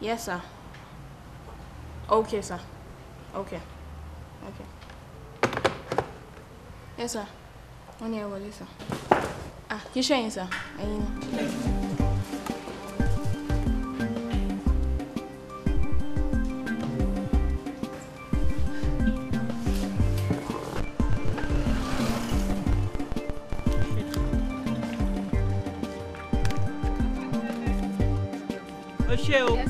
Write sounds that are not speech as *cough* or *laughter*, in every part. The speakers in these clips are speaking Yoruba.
Yes, sir. Okay, sir. Okay. Okay. Yes, sir. Wọ́n ní ẹ sir. Ah, kí ṣe yín, sir. não. ni.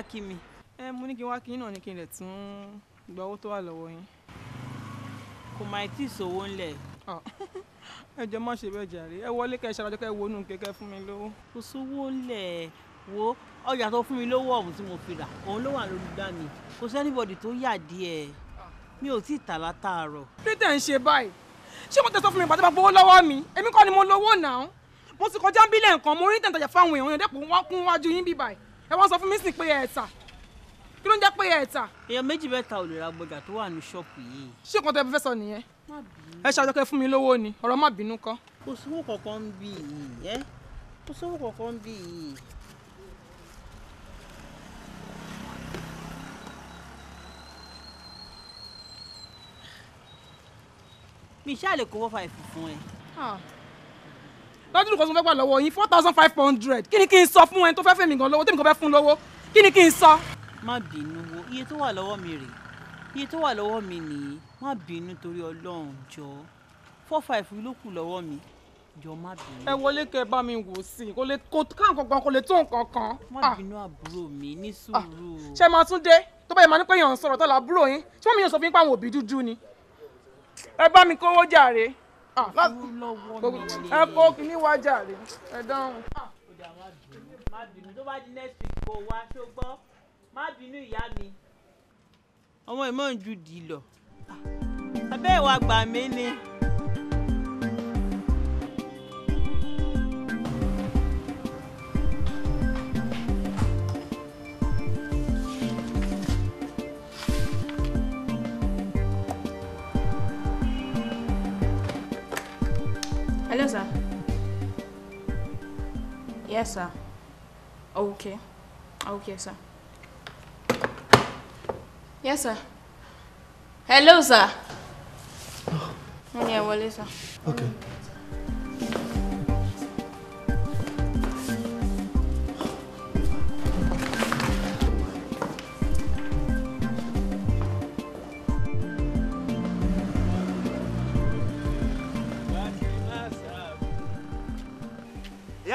wá kí mi. ẹ mo ní kí n wá kí yín náà ní kí n lè tún gba owó tó wà lọ́wọ́ yín. kò máa tí ì sówó ńlẹ̀. *laughs* ẹ jọ̀ọ́ má ṣe bẹ́ẹ̀ jàre ẹ wọlé kẹ́ ẹ ṣàlàjọ kẹ́ ẹ wọnú kẹ́kẹ́ fún mi lówó. kò sówó ńlẹ̀ wo ọjà tó fún mi lówó ọ̀hún tí mo fi rà òun ló wà lórí gbá mi kò sẹ́nibọ̀dì tó yà díẹ̀ mi ò tí ì tà látàárọ̀. kí tẹ̀ ń ṣe báyìí ṣé mo tẹ sọ fún mi ìbàdàn bá gbowó lọ́wọ́ mi èmi kọ́ ni mo lówó náà mo sì kọjá ń bílẹ̀ nǹkan mo rí tẹ̀ǹtàjà fáwọn èèyàn dẹ́pọ̀ wọ́n kún wájú yín bíbáyìí ẹ wá sọ fún mi sì pé ẹ tà kí ló ń jẹ́ pé ẹ tà. èèyàn méjì bẹ́ẹ̀ ta olùrà gbọ̀jà tó wà ní ṣọ́ọ̀pù yìí. ṣé nǹkan tẹ fẹ́ sọ nìyẹn. ẹ ṣàjọkẹ́ fún mi lówó ni ọ̀rọ̀ má bínú kọ́. kò sówó kankan ń bì yìí ẹ kò sówó kankan ń bì yìí. mi ṣáà lè kówó fa ìfùfún ẹ. Ah lọ́dún kan tó fẹ́ gbà lọ́wọ́ yín four thousand five hundred kí ni kí n sọ fún ẹni tó fẹ́ fẹ́ mi gan lọ́wọ́ tèmi kan fẹ́ fún lọ́wọ́ kí ni kí n sọ. má bínú wo iye tó wà lọ́wọ́ mi rèé iye tó wà lọ́wọ́ mi nìyí má bínú torí ọlọ́run jọ four five ló kù lọ́wọ́ mi jọ má bínú. ẹ wọlé kẹ bá mi wò sí i kò lè kó káàkó kan kò lè tó nǹkan kan. má ah. bínú àbúrò mi ní ah. sùúrù. ṣé máa tún dé tó bá yẹ máa ní pé èèyàn ń sọ̀rọ̀ tó làbúrò yín ṣé wọ́n mi yàn sọ fún yín pé àwọn òbí dúdú ni. ẹ bá mi kówó jàre. Ah. ẹ kó kíní wá jàre ẹ dáhùn. Ah. má bínú tó bá di next week kó wá ṣó gbọ́ má bínú ìyá mi. ọmọ ìmọ̀ ń ju dì í lọ. Ah. abẹ́ ìwà gbà mí ni. Yes, sir. Okay. Okay, sir. Yes, sir. Hello, sir. Oh. Yeah, well, sir. Okay.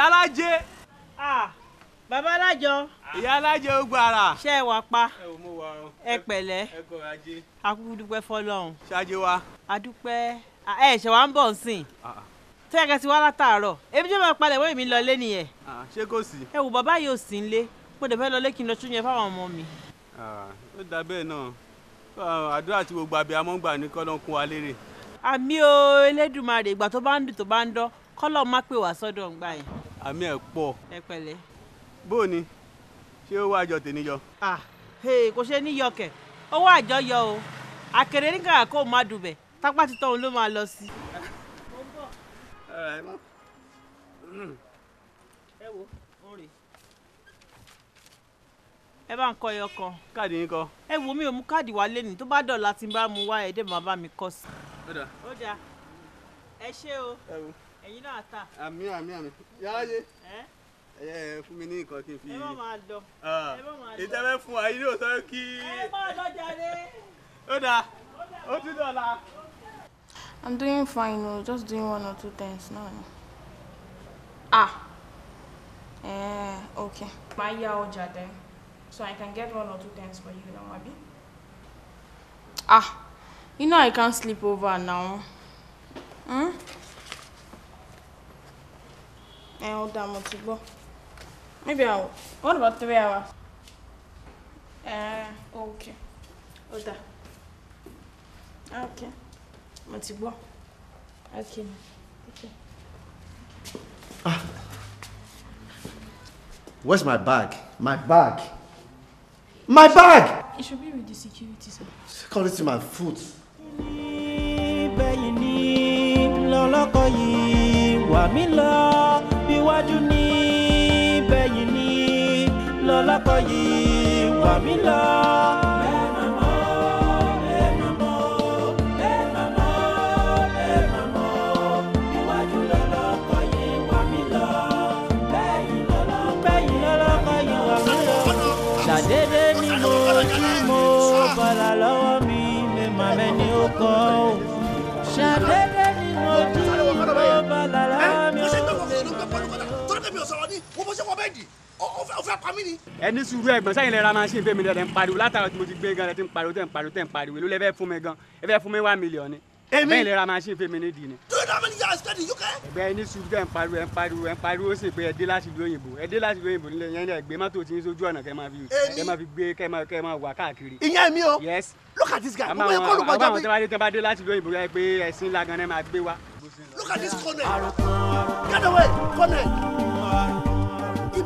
alájẹ. bàbá alájọ. ìyá alájẹ ó gbára. ṣé ẹ wà pa. ẹ ò mú wa o. ẹ pẹ̀lẹ́. ẹ kọ ajé. akúkú dúpẹ́ fọlọ́run. ṣáájú wa. adúpẹ́ ẹ ṣe wá ń bọ̀ nsìn. tó yẹ kẹ́ ti wá látàárọ̀ ebi jẹ́ máa palẹ̀ wọ́n mi lọ lé nìyẹn. ṣé kò sí. ẹ wò bàbá yìí ò sí nílé mo dẹ̀ fẹ́ lọ lé kí n lọ tún yẹn fáwọn ọmọ mi. ó dà bẹ́ẹ̀ náà àdúrà tí gbogbo àbíyamọ́ gbà ní kọ́ńtà kún wa lérè. àmì o Elédùmarè ìgbà tó bá ń dùn tó bá ń dán kọ́lọ́ má pè wá sọ́dọ̀ ǹgbà yẹn. àmì ẹ̀ pọ̀. ẹ pẹ̀lẹ́. bó ṣé owó àjọ tèmi yọ. ah kò ṣe ní owó àjọ yọ o àkèrè nígbà kó o má dùbẹ̀ tápá ti tọ́hún ló máa lọ sí. ẹ wo orin ẹ bá ń kọ ẹyọ kan. káàdì yín kọ. ẹ wo mi ò mú káàdì wá lẹ́nu tó bá dọ̀la bá mu wá ẹ̀ dẹ̀ máa bá mi kọ sí. ó dà. ó dà ẹ ṣé o. ẹ ẹ̀yin náà ta. àmì àmì àmì yááyé ẹ fún mi ní nǹkan kí n fi. ẹ má máa lọ. ìtẹ́fẹ́ fún wa yìí sọ kí. ẹ má lọ jàre. ó dáa ó tún dọ̀la. I'm doing fine o oh, just doing one or two things now. ah eh, okay. màá yá ọjà dẹ so I can get one or two things for you now abi. ah you know I can't sleep over now. Hmm? ẹ ọ dà mo ti gbọ́ maybe I will what about three hours ẹ uh, okay ó dà okay mo ti gbọ́ okay okay. Okay. Ah. Where's my bag? My bag. My bag! It should be with the security, sir. Security, my foot. bẹ́yìn ní lọ́lọ́kọ yìí wà mí lọ bíwájú ní bẹ̀yìn ní lọ́lọ́kọ̀ yìí wà mí lọ. ṣe wọ bẹ́ẹ̀ dì ó fẹ́ pa mí ni. ẹ ní sùúrù ẹ̀gbọ́n sẹ́yìn lẹra máa ṣe fẹmi dẹdẹ ń pariwo látara tí mo ti gbé gan ẹ ti ń pariwo tẹ ń pariwo tẹ ń pariwo èló lẹ fún mi gan ẹ fẹ́ fún mi one million ni. èmi bẹ́ẹ̀ lẹra máa ṣe fẹmi ní di ni. do you know how many years spend in UK. ẹgbẹ́ ní sùúrù tẹ ń pariwo ẹ ń pariwo ẹ ń pariwo ó sì pé ẹ dé láti ìlú òyìnbó ẹ dé láti ìlú òyìnbó nílẹ̀ yẹn ẹ mọ́tò tí ń sojú ọ̀nà kẹ́ máa fi yes. look at this guy.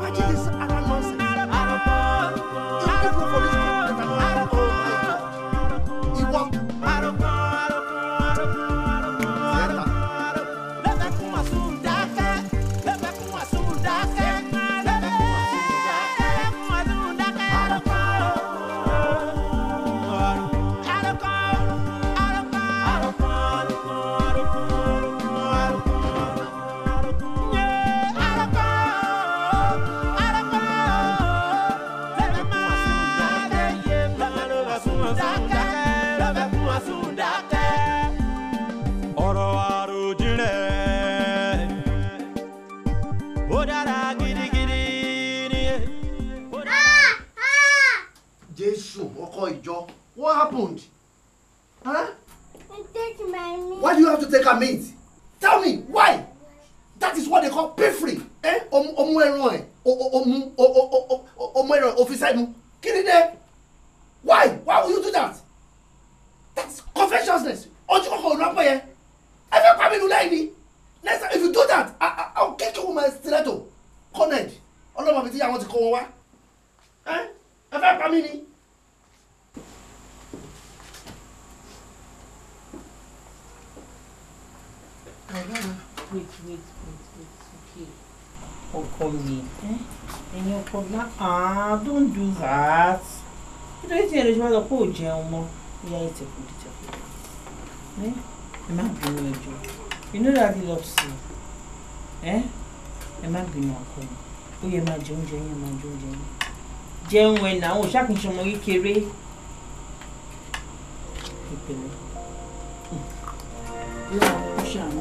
I this Arab nonsense. Arab, mú ẹran ẹ̀ ó mú ó mú ẹran ẹ̀ ó fi sẹ́nu kí sọ pé ò jẹun mọ́ yá ètè kùdì tẹ̀ kùdì ẹ ẹ má bínú ẹjọ́ you know that he loves you ẹ ẹ má bínú ọkọ mi ó yẹ máa jẹ oúnjẹ yín máa jẹ oúnjẹ yín jẹun ẹ̀ náà ò ṣàkíyèsí ọmọ kékeré ìpínlẹ̀. Hmm. láàbù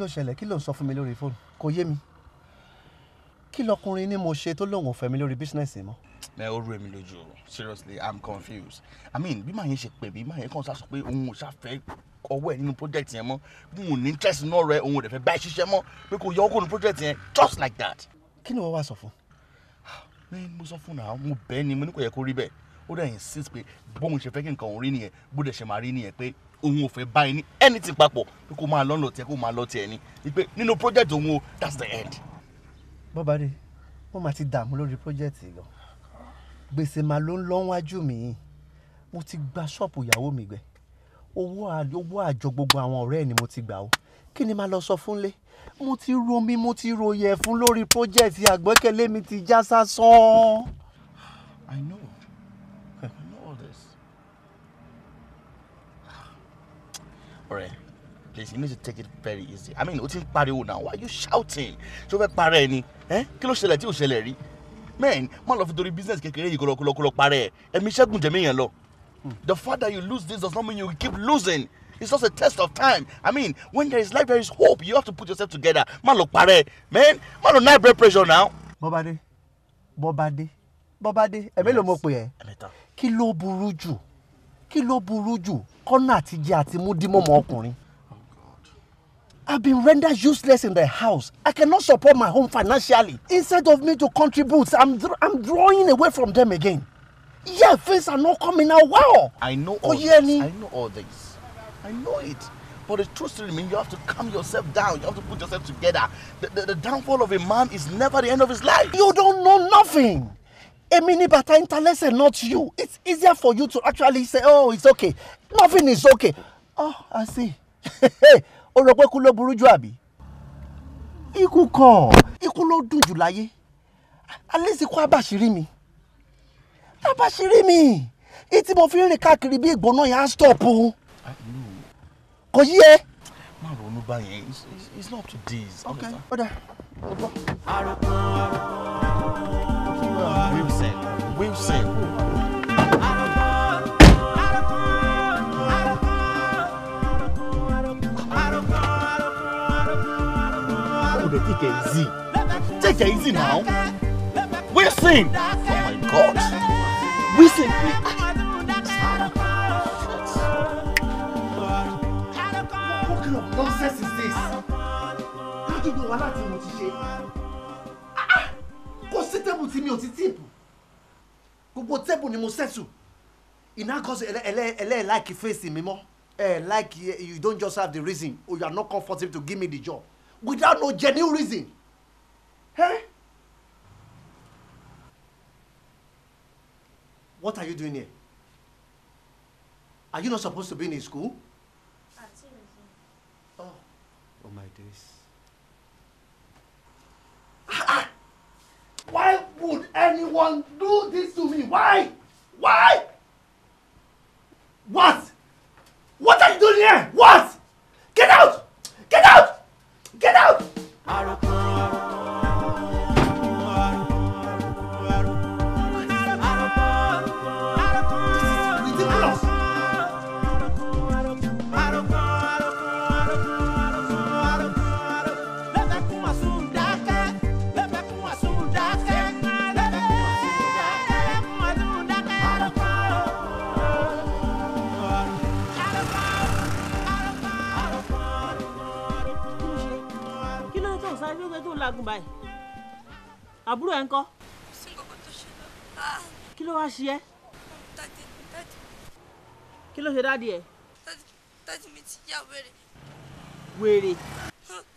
ló ṣẹlẹ̀ kí ló ń sọ fún mi lórí fóònù kò yé mi kí lọkùnrin ni mo ṣe tó lóun fẹ́ mi lórí bísínẹ́sì mọ́. ẹ ó rú èmi lójú o seriously i'm confused i mean bí màá yẹn ṣe pè mí màá yẹn kàn sá sọ pé òun ò ṣàfẹ́ ọwọ́ ẹ̀ nínú project yẹn mọ́ bí òun ní interest náà rẹ òun ò dẹ̀ fẹ́ bá ẹ ṣiṣẹ́ mọ́ pé kò yọ ọkọ̀ nínú project yẹn just like that. kí ni wọ́n wá sọ fún. Ah, man mo sọ fún náà mo bẹ́ẹ̀ ni mo ní kò yẹ kó rí bẹ́ẹ̀ ó dẹ̀ insist pé bóun ṣe fẹ́ kí nǹkan òun rí nìyẹn bó dẹ̀ ṣe máa rí nìyẹn pé òun ò fẹ́ bá ẹ ní anything papọ̀ pé kó máa lọ́nà tiẹ̀ kó máa lọ tiẹ̀ ni wípé nínú project òun o that's the end. bọ́báde mo máa ti dààmú lórí project lọ gbèsè màá ló ń lọ́wájú mi mo ti gba ṣọ́ọ̀pù ìyàwó mi gbẹ owó àjọ gbogbo àwọn ọ̀rẹ́ ni mo ti gbà ó kí ni màá lọ sọ fún lé mo ti romi mo ti royẹ fún lórí project àgbẹ́kẹ̀lé mi ti já sásán. I know ọ̀rẹ́ please you need to take it very easy i mean o ti ń pariwo now why are you shouting So o fẹ́ ẹ ni kí ló ṣẹlẹ̀ tí ò ṣẹlẹ̀ rí men má lọ fi torí business kékeré yìí kọlọkọlọ parẹ́ ẹ ẹ̀mí ṣẹ́gun jẹ̀mí yẹn lọ the fact that you lose this does not mean you keep losing it's just a test of time i mean when there is life there is hope you have to put yourself together má lọ parẹ́ men má lọ nine bread pressure now. bọ́badé bọ́badé bọ́badé ẹ̀mí ló mọ̀ pé ẹ kí ló burú jù kí ló burú jù kọ́nà àtijẹ àti mú dímọ̀mọ́ ọkùnrin. Oh, I've been rendered useless in the house. I cannot support my home financially. Instead of me to contribute, I'm, I'm drawing away from them again. Yeah, things are not coming out well. I know all oh, this. Yeah, I know all this. I know it. But the truth still remains, you have to calm yourself down. You have to put yourself together. The, the, the downfall of a man is never the end of his life. You don't know nothing èmi ní bàtà interlẹ́sẹ̀ not you it's easier for you to actually say oh it's okay nothing is okay oh i see *laughs* o rò pé kú ló burú jù àbí ikú kan ikú ló dùn jù láyé alẹ́sì kó abàṣírí mi abàṣírí mi ìtí mo fi ń rìn káàkiri bí ìgbóná yẹn á stop o kò yí ẹ. má ronú báyẹn it's not up to this. okay ọ̀dà. àròkàn àròkàn. Wilson. They take it easy. Take it easy now. We sing. Oh my god. We sing. What kind of nonsense is this? How do you know what I'm going to say? Kò sí tẹ́bù gbogbo tẹ́bù ni mo settle iná kan sọ ẹlẹ́ ẹlẹ́ ẹlẹ́ like face mi mọ́ ẹ like you don't just have the reason or oh, you are not comfortable to give me the job without no genuine reason. Hey? What are you doing here? Are you not supposed to be in a school? Oh, oh my days. Ah, ah. Why would anyone do this to Why? Why? What? What are you doing here? What? Get out! Get out! Get out! atẹ́gùn báyìí àbúrò ẹ̀ ń kọ́. kò sí nǹkan tó ṣe náà. kí ló wá ṣe ẹ́. kí ló ṣe dáàdì ẹ̀. dáàdì mi ti yá wèrè. wèrè.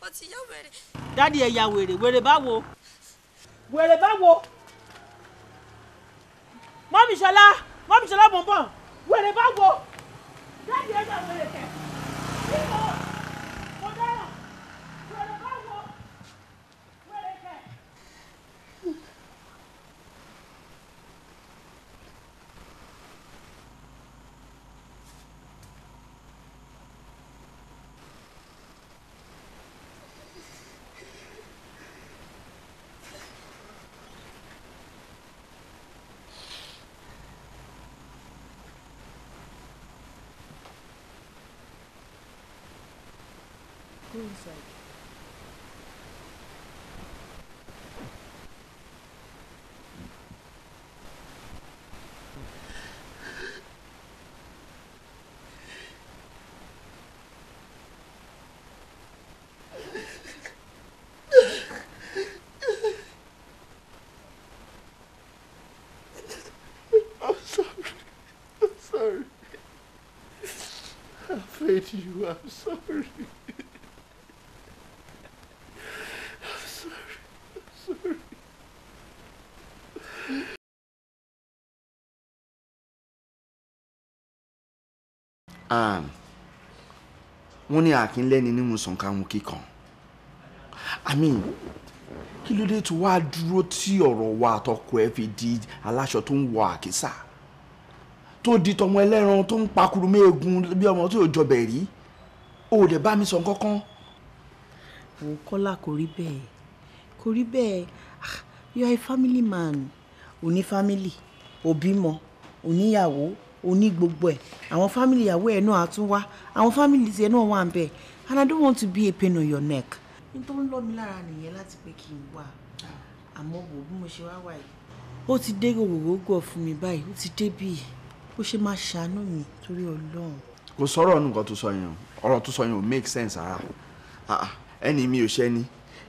ó ti yá wèrè. dáàdì ẹ̀ ya wèrè wèrè báwo. wèrè báwo. mọ́mí ṣọlá mọ́mí ṣọlá bọ̀m̀bọ̀n wèrè báwo. dáàdì ẹ̀ ya wèrè kẹ̀. sake. I'm sorry. How afraid you. I'm sorry. wọ́n ní àkínlẹ́ni nínú sànkáwọn kíkan i mean kí ló dé tó wá dúró tí ọ̀rọ̀ wa àtọkọ ẹ fi di aláṣọ tó ń wọ àkísà tó di tọmọ ẹlẹ́ran tó ń pakuru méegun bí ọmọ tó jọbẹ̀ rí o ò dẹ̀ bá mi sọ kankan. òun kọ́lá kò rí bẹ́ẹ̀ kò rí bẹ́ẹ̀ ah, you are a family man ò family ò bímọ ò òní gbogbo ẹ̀ àwọn family ìyàwó ẹ̀ náà á wá àwọn family tiẹ̀ náà wà ń bẹ̀ and I don't want to be a pain on your neck. n tó ń lọ mi lára nìyẹn láti pé kí n wà àmọ́ wò bí mo ṣe wá wà yìí. ó ti dé gògògògò fún mi báyìí ó ti dé bíi ó ṣe máa ṣàánú mi torí Ọlọ́run. kò sọ̀rọ̀ nǹkan tó sọ yẹn ọ̀rọ̀ tó sọ yẹn ò make sense ah, ah? ẹni mi ò ṣẹni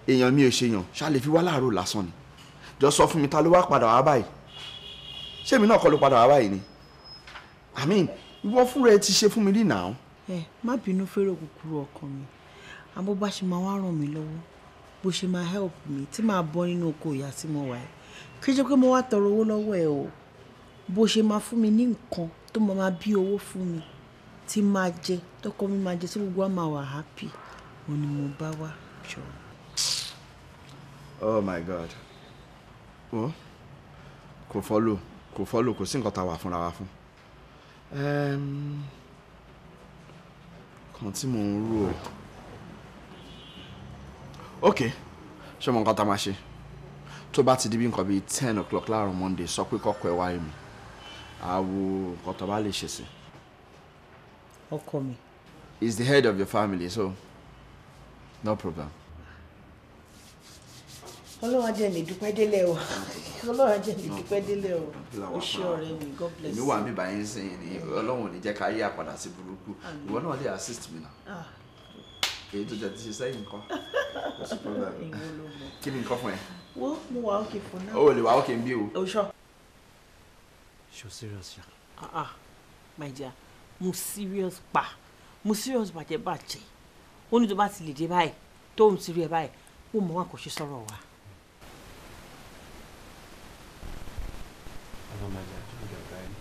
èèyàn mi ò ṣèyàn ṣáà lè fi wá láàárọ̀ lásán ni jọ sọ fún mi ta ló wá padà wá báyìí ṣé èmi náà kọ́ ló padà wá báyìí ni i mean ìwọ fúnra ẹ ti ṣe fún mi rí now. ẹ má bínú fẹ́rẹ̀ kúkúrú ọkàn mi àmọ́ bá ṣe máa wá ràn mí lọ́wọ́ bó ṣe máa help mi tí màá bọ́ nínú oko ìyá tí mo wà ẹ̀ kí jẹ́ pé mo wá tọrọ owó lọ́wọ́ ẹ o bó ṣe máa fún mi ní nǹkan tó máa máa bí owó fún mi tí máa jẹ tọkọ mi máa jẹ tí gbogbo wa máa wà happy òun ni mo bá wá jọ. oh my god kò fọ́lò kò fọ́lò kò sí nǹkan tá a wà fúnra wa fún. Ra, kan tí mò ń rò ó ok ṣé mo nǹkan tá a máa ṣe tó bá ti di bí nǹkan bíi ten o'clock láàárọ̀ monday sọ pé kọ́kọ́ ẹ wá rí mi àwo nǹkan tó bá lè ṣe sí. ọkọ mi. he is the head of your family so no problem ọlọ́run ajẹ́ mi dúpẹ́ délẹ̀ o ọlọ́run ajẹ́ mi dúpẹ́ délẹ̀ o o ṣé ọ̀rẹ́ mi god bless you. èmi wà mí báyìí ń sìn ní ọlọ́run ò ní jẹ́ ká yí àpàdà sí burúkú ìwọ náà lè assist mi náà ah. èyí tó jẹ ti ṣe sẹ́yìn nǹkan *laughs* kò sí problem kí ni nǹkan fún ẹ. wo mo wà òkè fún náà. o lè wà òkè ń o. o sọ. so serious ya. ah ah my dear mo serious pa mo serious bàjẹ́ bàjẹ́ ó ní tó bá ti lè dé báyìí tó ń tiri ẹ báyìí ó mọ wọn kò ṣe wa. ọmọ màjà tó gbọdọ̀ gba ẹni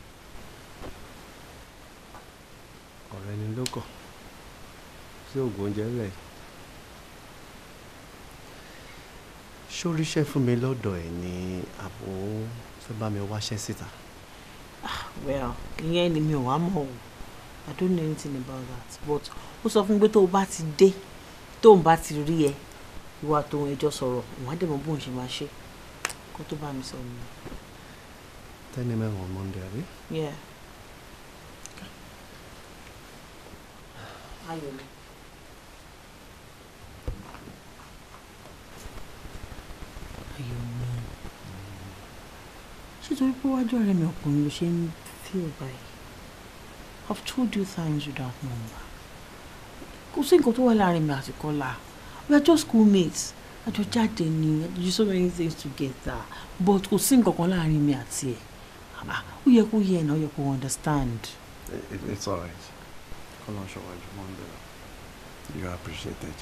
ọ̀rẹ́ ni ló kàn sí oògùn oúnjẹ ńlẹ̀ ṣóríṣẹ́ fún mi lọ́dọ̀ ẹ̀ ni àbò fẹ́ bá mi wáṣẹ́ síta. well ìyẹn ni mi ò wá i don't know anything about that but ó sọ fún mi pé tó o bá ti dé tó o bá ti rí ẹ ìwà tó ń ẹjọ́ sọ̀rọ̀ ìwádìí mọ̀ bóun ṣe máa ṣe kó tó bá 10 on Monday, have you? Yeah. Okay. Hi, Yumi. Hi, Yumi. Ṣé torí pé wájú ọ̀rẹ́ mi ọkùnrin ló ṣe I've told you things you don't know. sí nǹkan tó wà láàrin We are just schoolmates. Àjọ just chatting. I do so many things together. But kò sí nǹkan kan Ah, ó yẹ kó yẹ ẹ̀ understand. It, it's alright kọ́lọ́ọ̀ṣọ́ wájú mọ́ ń bẹ̀rẹ̀ you appreciate that.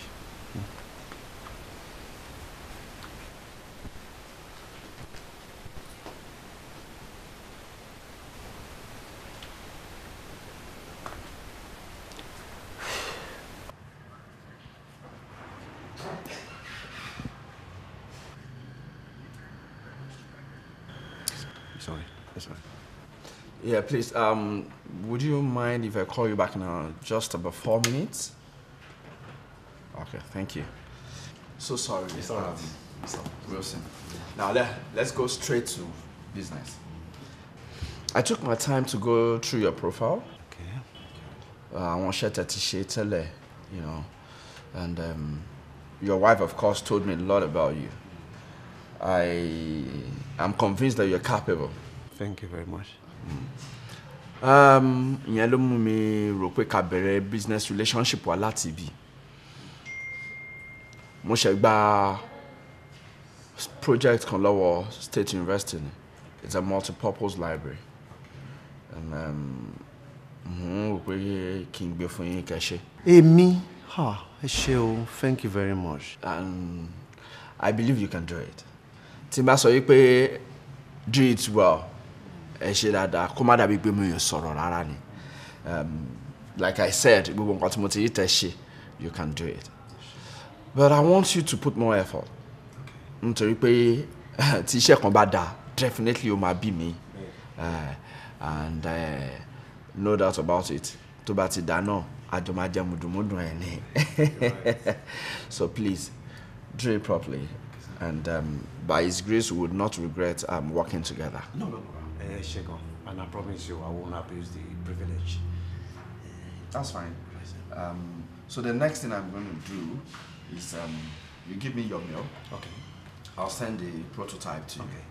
Yes, Yeah, please. Um, would you mind if I call you back now? Uh, just about four minutes. Okay, thank you. So sorry, Mr. Um, Mr. Wilson. Now let, let's go straight to business. I took my time to go through your profile. Okay. I want to share tele, you know, and um, your wife, of course, told me a lot about you. I am convinced that you're capable. thank you very much. Um, ìyẹn ló mú mi rò pé ká bẹ̀rẹ̀ business relationship wa láti ibi mo ṣe gba project kan lọ́wọ́ state university ni it's a multi-purpose library and um, mo rò pé kí n gbé fún yín kẹ́ ṣe. èmi ẹ ṣé o thank you very much. and I believe you can do it. tí n bá sọ yìí pé do it well ẹ ṣe dáadáa kó má dàbí pé mi ò sọ̀rọ̀ rárá um, like I said gbogbo nǹkan tí mo ti yí tẹ you can do it but I want you to put more effort nítorí pé *laughs* tí iṣẹ́ kan bá dáa definitely o máa bí mi uh, and uh, no doubt about it tó bá ti dáa náà àjọ máa jẹ mùdùmùdù ẹ̀ ni *laughs* so please do it properly and um, by His grace we would not regret um, working together. No, no, no ẹ ṣe and I promise you I won't abuse the privilege. That's fine. Um, so the next thing I'm going to do is um, you give me your mail. Okay. I'll send the prototype to you. Okay.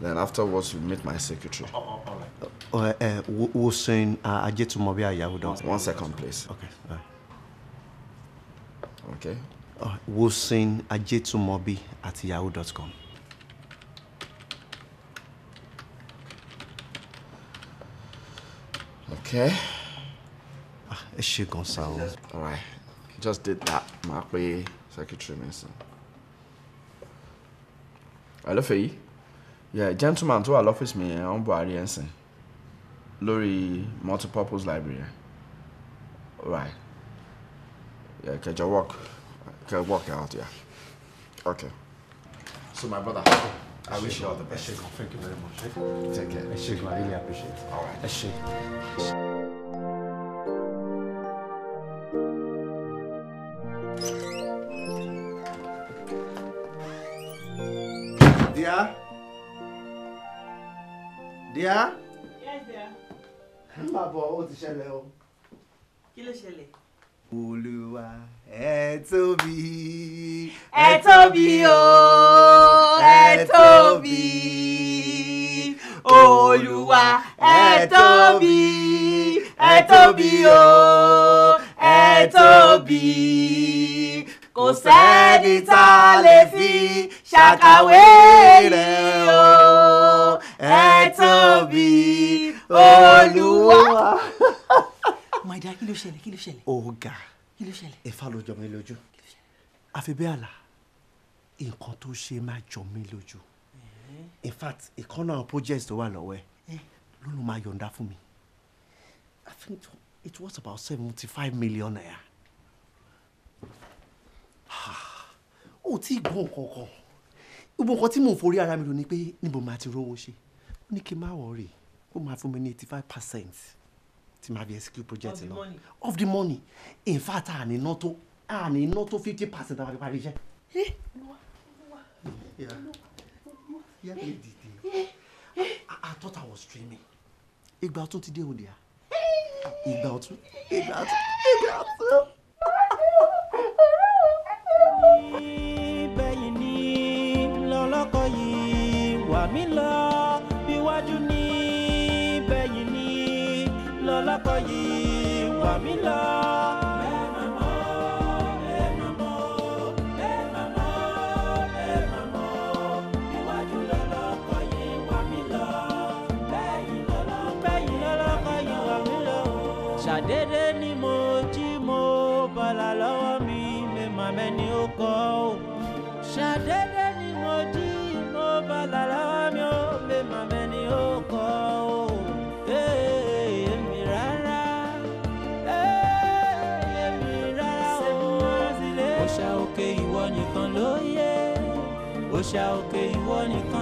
Then afterwards, you meet my secretary. Oh, oh, all right. Uh, uh, uh, we'll soon. Uh, I get to Mobia Yahuda. One second, please. Okay. All Okay. Uh, we'll soon. I get to Mobi at yahoo.com. Okay. Ah, ẹ ṣe gan sa All right, just did that. My pe secretary mi sìn. Hello, Fẹ́yì. Yeah, gentleman to our office me, I'm wọ́n bọ̀ àárí ẹ̀ multipurpose library yẹn. Right. Yeah, can kẹjọ work. Kẹ walk out, yeah. Okay. So my brother. I wish you all the best. Thank you very much. Take care. Thank you, gan, I really appreciate it. All right. Ẹ ṣé. Dear? Dear? Yes, dear. Bàbá, ó ti ṣẹlẹ̀ o. Kí ló ṣẹlẹ̀? Olúwa ẹ tóbi ẹ tóbi o ẹ tóbi olúwa ẹ tóbi ẹ tóbi o ẹ tóbi kò sẹ́ni tá a lè fi ṣàkàwé rẹ̀ o ẹ tóbi olúwa. màdà kí ló ṣẹlẹ̀ kí ló ṣẹlẹ̀. ó ga kí ló ṣẹlẹ̀. Ifá ló jọ mí lójú àfi bẹ́ẹ̀ àlà nǹkan tó ṣe máa jọ mí lójú in fact ìkan náà project tó wà lọ́wọ́ ẹ̀ ló ló máa yọ̀ǹda fún mi I think it was about seventy five million naira *sighs* ó tí ì gbọ́ nǹkan kan gbogbo nǹkan tí mò ń forí ara mi lò ni pé níbo máa ti rówó ṣe ó ní kí n má wọ̀ rè ó máa fún mi ní eighty five percent tí màá fi execute project náà of the money in fact a ní ná tó a ní ná tó fifty percent àwọn àgbàdo iṣẹ́. I thought I was dreaming. Ìgbà ọ̀tún ti dé òde à. Ìgbà ọ̀tún. Ìgbà ọ̀tún. Ìgbà ọ̀tún. Bẹ́yìn ni lọ́lọ́kọ yìí wà mí lọ. mi lọ. 笑给我你。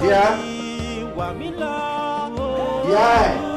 Yeah. Oh. Yeah.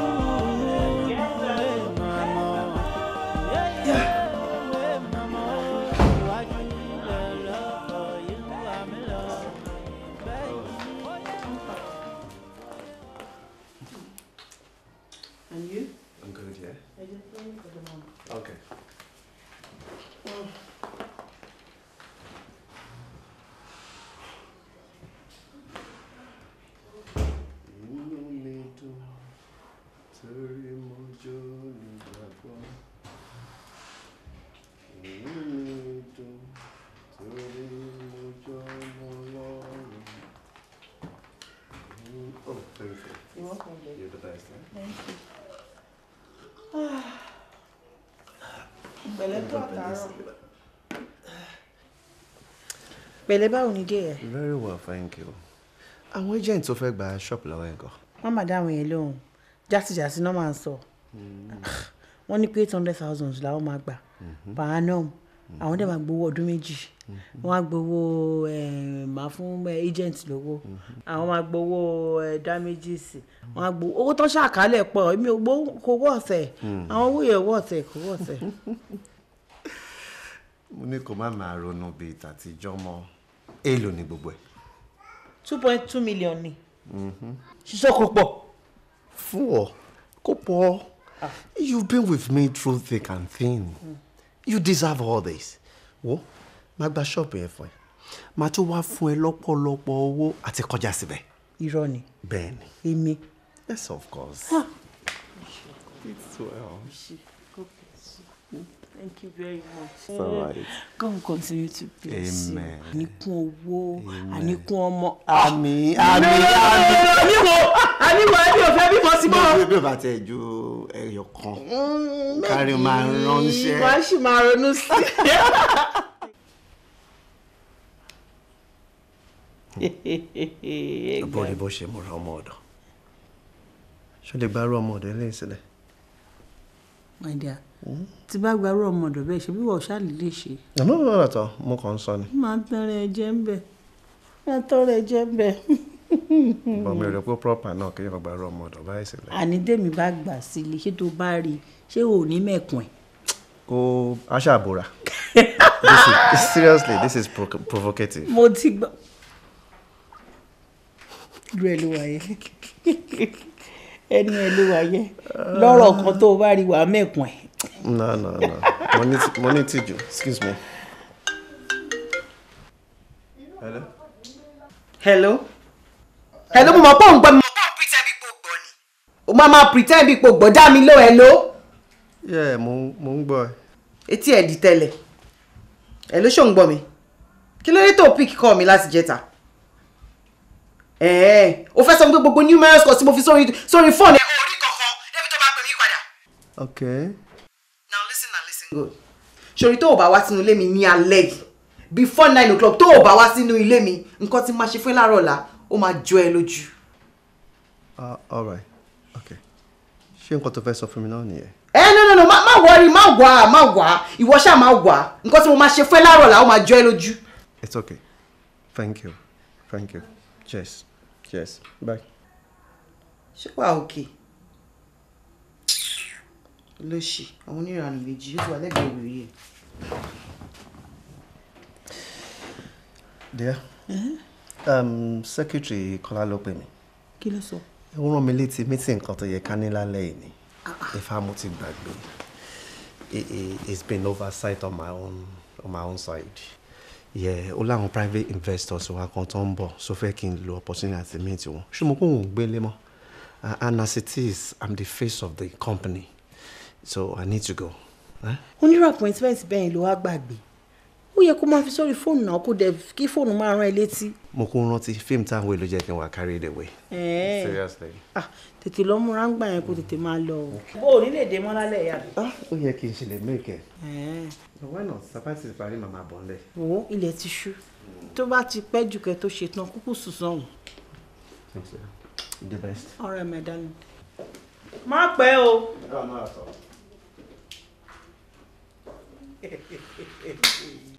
Pẹ̀lẹ́ báwo ni dé ẹ̀? Very well, thank you. Àwọn agent tó fẹ́ gba shop lọ́wọ́ ẹ̀ gan. Wọ́n máa dá àwọn yẹn lóhùn. Jásìjásì náà máa ń sọ. Hmm. Wọ́n ní pé eight hundred thousand làwọn máa gbà. Hmm. Per annum. Hmm. Àwọn dẹ̀ máa gbowó ọdún méjì. Wọ́n á gbowó eh, màá fún eh, agent lówó. Àwọn máa gbowó eh, damages. Wọ́n á gbowó owó tó ṣàkálẹ̀ pọ̀. Èmi ò gbowó kò wọ́ ọ̀sẹ̀. Àwọn owó yẹn wọ́ kò wọ́ *laughs* mo ní kó má máa ronú bíi tàtijọ́ mọ́ èèlò ni gbogbo ẹ̀. two point two million ni. Mm-hmm. ṣíṣọ́ kò pọ̀. fún ọ kò pọ̀ ah. you been with me through thick and thin mm. you deserve all this wo má gba ṣọ́ọ̀bù yẹn fún ẹ má tún wá fún ẹ lọ́pọ̀lọpọ̀ owó àti kọjá síbẹ̀. irọ́ ni. bẹ́ẹ̀ ni. èmi. yes of course. Ah. it's well. Thank you very much. It's all continue to bless Amen. you. Àníkún owó, àníkún ọmọ. Àmín, àmín, àmín. Àníwò, àníwò ẹbí ò fẹ́ bímọ sí mọ́. Bí o bá tẹ ju ẹyọ kan, mm, kárí máa ránṣẹ́. Wọ́n á sì máa ronú sí i. Bọ́ọ̀lì bó ṣe múra ọmọ ọ̀dọ̀. Ṣé o lè gbárù ọmọ ọ̀dọ̀ ẹlẹ́yìn sílẹ̀? my dear tí bá gbarú ọmọ ọ̀dọ̀ bẹ́ẹ̀ ṣe bí wọ́n ṣáà lè ṣe. àná ló rà tán mo kàn ń sọ ni. máa tọrọ ẹ jẹ ń bẹ máa tọrọ ẹ jẹ ń bẹ. bọ́n mi rò pé proper náà kí yóò gbarú ọmọ ọ̀dọ̀ báyìí sílẹ̀. àní tèmi bá gbà sílé ṣé tó bá rí i ṣé ò ní mẹ̀kùn ẹ̀. kó aṣàbòrà seriously this is provocative. mo ti gbọ́. rẹ̀ ló wáyé ẹni ẹ yẹ lọ́rọ̀ kan tó o bá rí wàá mẹ́kùn ẹ̀. no no no mo ní tìjú excuse me. hello. hello. hello mo mọ̀ pé òun gbọ́ mi mọ̀ pé òun pretend bí pò gbọ́ ni. o máa máa pretend bí pò dá mi ló hello. yeah mo ń gbọ́ ẹ. etí ẹ̀ di tẹ́lẹ̀ ẹ̀ ló ṣòun gbọ́ mi kí ló dé tó pick call mi láti jẹta ẹ̀ẹ́ eh, o fẹ́ sọ pé gbogbo numerous calls tí mo fi sórí sórí fóònù ẹ̀ orí kankan débi tó bá pè mí padà. ok. now listen now listen good. sori tó o bá wá sínú ilé mi ní alẹ́ yìí before nine o'clock tó o bá wá sínú ilé mi nǹkan tí máa ṣe fún láàárọ̀ ọ̀la ó máa jọ ẹ lójú. Ah, all right ok ṣé nǹkan tó fẹ́ sọ fún mi náà nìyẹn. ẹ eh, no no no má wọrí má wà má wà ìwọ ṣáà má wà nǹkan tí mo máa ṣe fún láàárọ̀ ọ̀la ó máa jọ ẹ lójú. it's okay thank you thank you. Cheers. Cheers. Bye. Ṣé wàá òkè? Lóṣì, àwọn oníranù méjì yóò wà lẹ́gbẹ̀ẹ́ ìwé yìí. Dear, uh-huh. um, secretary Kọ́lá ló pè mí. Kí ló sọ? Ó rán mi létí mítìn kan tó yẹ ká ní lálẹ́ yìí ni. Ah, ah. Ifá ti gbàgbé. It's been oversight on my own on my own side yẹ ó láwọn private investors wa kan tó ń bọ̀ so fẹ́ kí n lo opportunity àti meet wọn ṣé mo kó òun gbélé mọ́ ah, and as it is i'm the face of the company so i need to go. onírò appointment bẹ́ẹ̀ ló wá gbàgbé ó yẹ kó máa fi sórí fóònù náà kó dẹ kí fóònù máa rán ẹ létí. mo kún rántí fíìmù táwọn èlò jẹ kí n wà carry the way. seriously. ah tètè lọ múra ń gbà yẹn kó tètè máa lọ o. bó o ní lè dé mọ́ lálẹ́ ah ó yẹ kí n ṣe lè mẹ́kẹ̀. why not sábàtì parí màmá bọ̀ ńlẹ̀. wo ilẹ̀ ti ṣú tó bá ti pẹ́ jù kẹ́ tó ṣe tán kúkú sùn sọ̀hún. the best. ọ̀rẹ́ mi dání. má pẹ́ o. ẹ máa sọ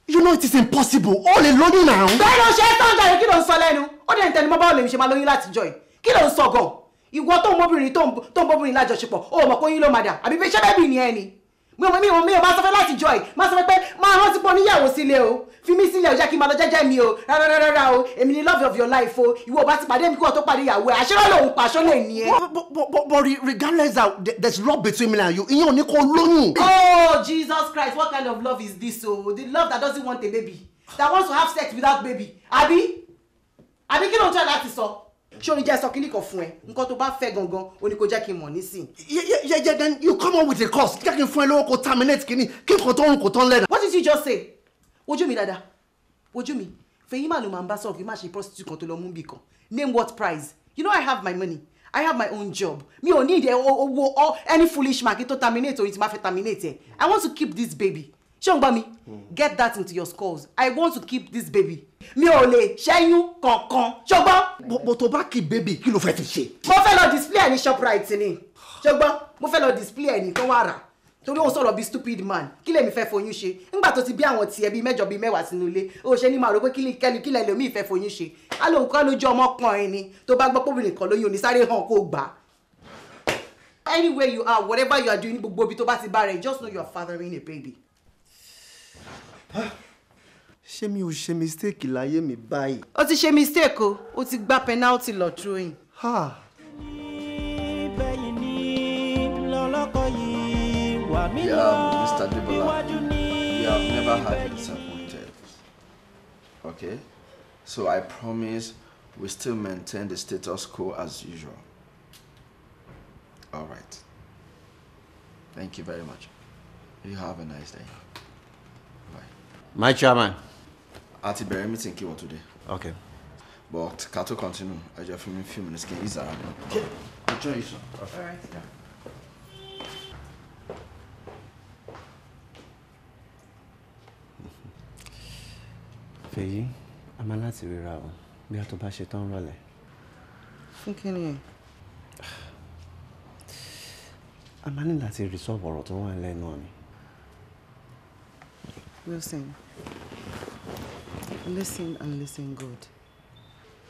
you know it is impossible All alone now. náà. bẹ́ẹ̀ ló ṣe é tán jàre kí ló ń sọ lẹ́nu ó dẹ̀ ń tẹnu mọ́ báwo lèmi ṣe máa lóyún láti jọ yìí kí ló ń sọ gan-an ìwọ tó ń bóbìnrin tó ń bóbìnrin lájọṣepọ̀ ó mọ̀ pé oyún ló máa dà àbí fẹ́ ṣẹ́ bẹ́ẹ̀ bì ní mi ò mi ò mi ò máa sọ fẹ́ láti jọ ẹ̀ máa sọ fẹ́ pé máa rántí pọ̀ níyàwó sílé o fi mí sílẹ̀ o jẹ́ kí n máa lọ jẹ́jẹ́ mi o rárá rárá rárá o èmi ni love of your life o ìwọ ò bá ti pàdé mi kí wọ́n tó pàdé ìyàwó ẹ̀ àṣírí lòun pàṣọ lè ní ẹ. but but but regardless of the love between me and you ìyẹn ò ní kó lóyún. oh jesus christ what kind of love is this o the love that doesn't want a baby that wants to have sex without baby àbí àbí kí ló ń tọ́ láti sọ ṣé orin sọ kíní kan fún ẹ nǹkan tó bá fẹ́ gangan o ní kó jẹ́ kí n mọ̀ nísìn. yẹ yẹ then you come up with a cost jẹ́ kí n fún ẹ lọ́wọ́ kó terminate kíní kí nǹkan tó ń kò tán lẹ́nu. what did you just say? wojú mi dada wojú mi fẹ̀yìn màlúù máa ń bá sọ̀rọ̀ kí n má ṣe prostitute kan tó lọ mú bì kan name what price you know I have my money I have my own job. Mi ò need owó any foolish man kí tó terminate orin tí ma fẹ́ terminate ẹ̀. I want to keep this baby ṣọ́ngbọ́n mi get that into your skulls i want to keep this baby mi ò lè ṣẹ́yún kankan ṣọ́gbọ́n. mo tó bá kí baby kí ló fẹ́ fi ṣe. mo fẹ́ lọ display ẹ̀ shoprite ni ṣọ́gbọ́n mo fẹ́ lọ display ẹ̀ ní tó wà rà torí òun sọ̀rọ̀ bíi stupid man kí lèmi fẹ́ foyún ṣe nígbà tó ti bí àwọn tiẹ̀ bíi mẹ́jọ bíi mẹ́wàá sínú ilé ó ṣe ní màá rò pé kílì kẹ́ni kílẹ̀ lèmi ìfẹ́ foyún ṣe alóhùn kan lójú ọmọkùnrin ni tó bá gbọ́ pòbìnrin kan lóyún onísáré hàn kó gbà anywhere you are whatever you are doing gbogbo ibi tó bá ti bá rẹ just know you are fathering a baby ṣé mi ò ṣe mistake láyé mi báyìí. ó ti ṣe mistake o ó ti gba penalty lọ throwing. bẹ́yìn ni lọ́lọ́kọ̀ yìí wà mí lọ iwájú ni ìbẹ̀yìn. Okay? So I promise we still maintain the status quo as usual. All right. Thank you very much. You have a nice day. My chairman. A ti bẹ̀rẹ̀ meeting kí wọ́n tó Okay. But ká tó continue, ẹ jẹ́ fún mi few minutes kí n ease ara mi. Okay. Enjoy All right. Yeah. *laughs* Fèyí, a máa láti ríra o, bí a tó bá ṣe tán rọ̀lẹ́. Fún kí ni? A máa ní láti resolve ọ̀rọ̀ tó wà lẹ́nu mi. Wilson. Listen and listen good.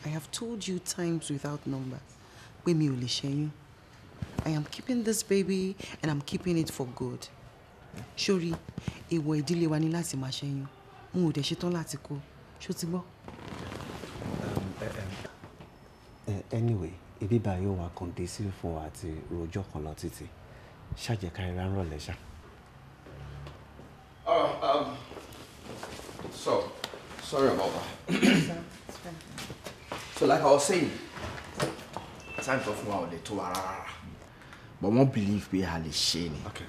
I have told you times without number pé mi ò I am keeping this baby and I'm keeping it for good. Ṣórí, èèwọ̀ ìdílé wa ni láti máa ṣẹ́yún. N ò dẹ̀ ṣetán láti kó. Ṣó ti gbọ́? Um, eh, eh, eh, anyway, ibi báyìí ó wà conducive fún wa àti rojọ́ kan lọ títí. Ṣàjẹ̀ká ìrànlọ́lẹ̀ ṣá. Ah, um, um, So, sorry about that. so like I was saying, time for fún wa ò lè But one belief we a lè ṣe Okay.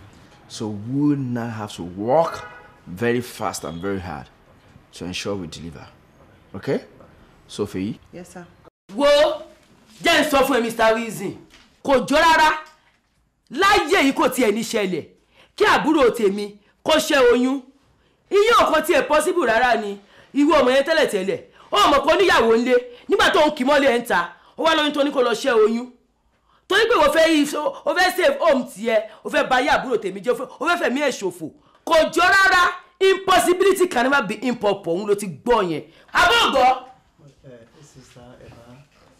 So we now have to work very fast and very hard to ensure we deliver. Okay? So Yes sir. Wo then, n Mr. Weezy kò jọ rárá láyé yìí kò tiẹ̀ ní ṣẹlẹ̀ kí àbúrò tèmi kó ṣẹ́ iye ọ̀kan tiẹ̀ possible rárá ni ìwé ọmọ yẹn tẹ́lẹ̀ tẹ́lẹ̀ ó mọ̀ pé oníyàwó nígbà tó ń kì mọ́lé ẹ̀ ń ta ó wá lóyún tó ní kó lọ ṣẹ́ oyún torí pé o fẹ́ yí o fẹ́ save home tiẹ̀ o fẹ́ bayé àbúrò tèmi jẹ́ o fẹ́ fẹ̀mí ẹ̀ ṣòfò kò jọ rárá impossibility can never be impossible òun ló ti gbọ́ yẹn abóògọ́.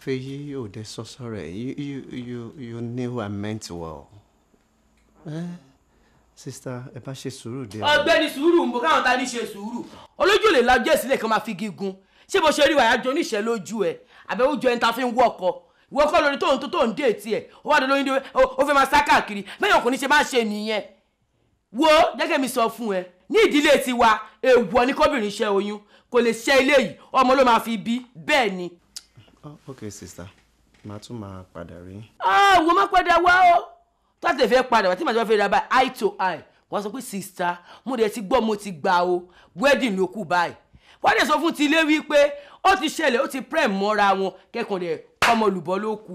Fẹ́yí ò dé sọ́sọ́ rẹ̀ you you you knew I meant well. Eh? sista ẹ bá ṣe sùúrù dé. ọ̀gbẹ́ni sùúrù ń bọ̀ káwọn ta ní ṣe sùúrù olójú lè lajú ẹ sílẹ̀ kan máa fi gígùn ṣé bó ṣe rí wàá jọ oníṣẹ́ lójú ẹ àbẹ̀wò jọ ẹni ta fi ń wọ ọkọ ìwọ kọ́ lórí tóun tó tóun dé tiẹ̀ ó wà lórí ó fẹ́ máa sá káàkiri bẹ́ẹ̀ ọkùnrin ṣe máa ṣe nìyẹn wo jẹ́kẹ́ mi sọ fún ẹ ní ìdílé wa èèwọ̀ ní kọ́bìnrin ṣe oyún kò lè ṣe ilé yìí ọmọ ló máa fi bí bẹ́ẹ̀ ni. Oh, ok sista màá tún máa padà rí. ọ̀ ah, wọ́n máa padà wá o tó àti ìfẹ́ padà wá tí màtí wọ́n fẹ́ ra báyìí eye to eye wọ́n sọ pé sista mo dẹ̀ ti gbọ́ mo ti gbà o wedding ló kù báyìí wọ́n dẹ̀ sọ fún ti ilé wí pé ó ti ṣẹlẹ̀ ó ti prem mọ́ra wọn kẹ́kọ̀ọ́ dẹ̀ ọmọ olùbọ́ ló kù.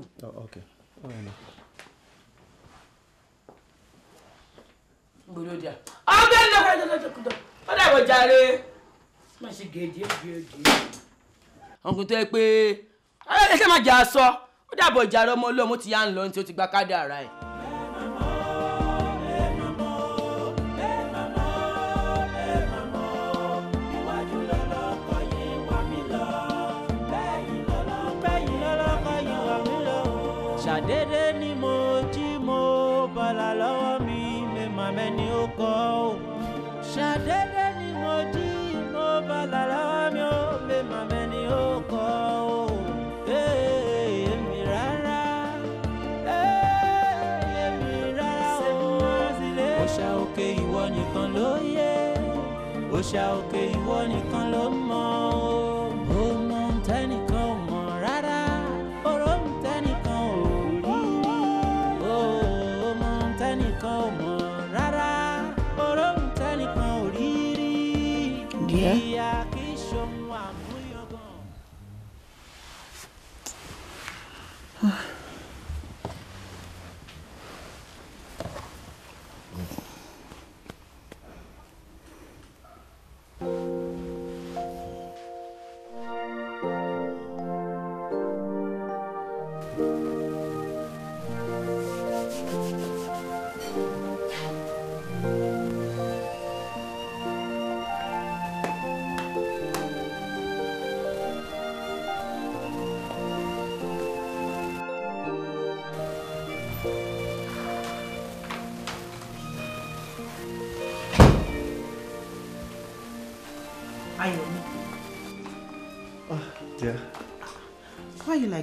gbòdòdìà ọgbẹ́ ẹ̀ lọ́kọ̀ ẹ̀ lọ́kọ̀ ó dàbọ̀ jàre má ṣe gèdè gèdè. ọkùnrin tó yẹ pé ẹ ṣe máa jà sọ ó dàbọ̀ jàre ọmọ olóòmù ti yá ń lọ ní tí ó ti gba kádà ara ẹ̀. ṣàdédé ni mo jí mo bàlà lọ́wọ́ mi mi màmẹ́ ni ó kọ́ ò ṣàdédé ni mo jí mo bàlà lọ́wọ́ mi ó mi màmẹ́ ni ó kọ́ ò èmi rárá èmi rárá o òṣà òkè ìwọ nìkan ló yẹ òṣà òkè ìwọ nìkan ló mọ.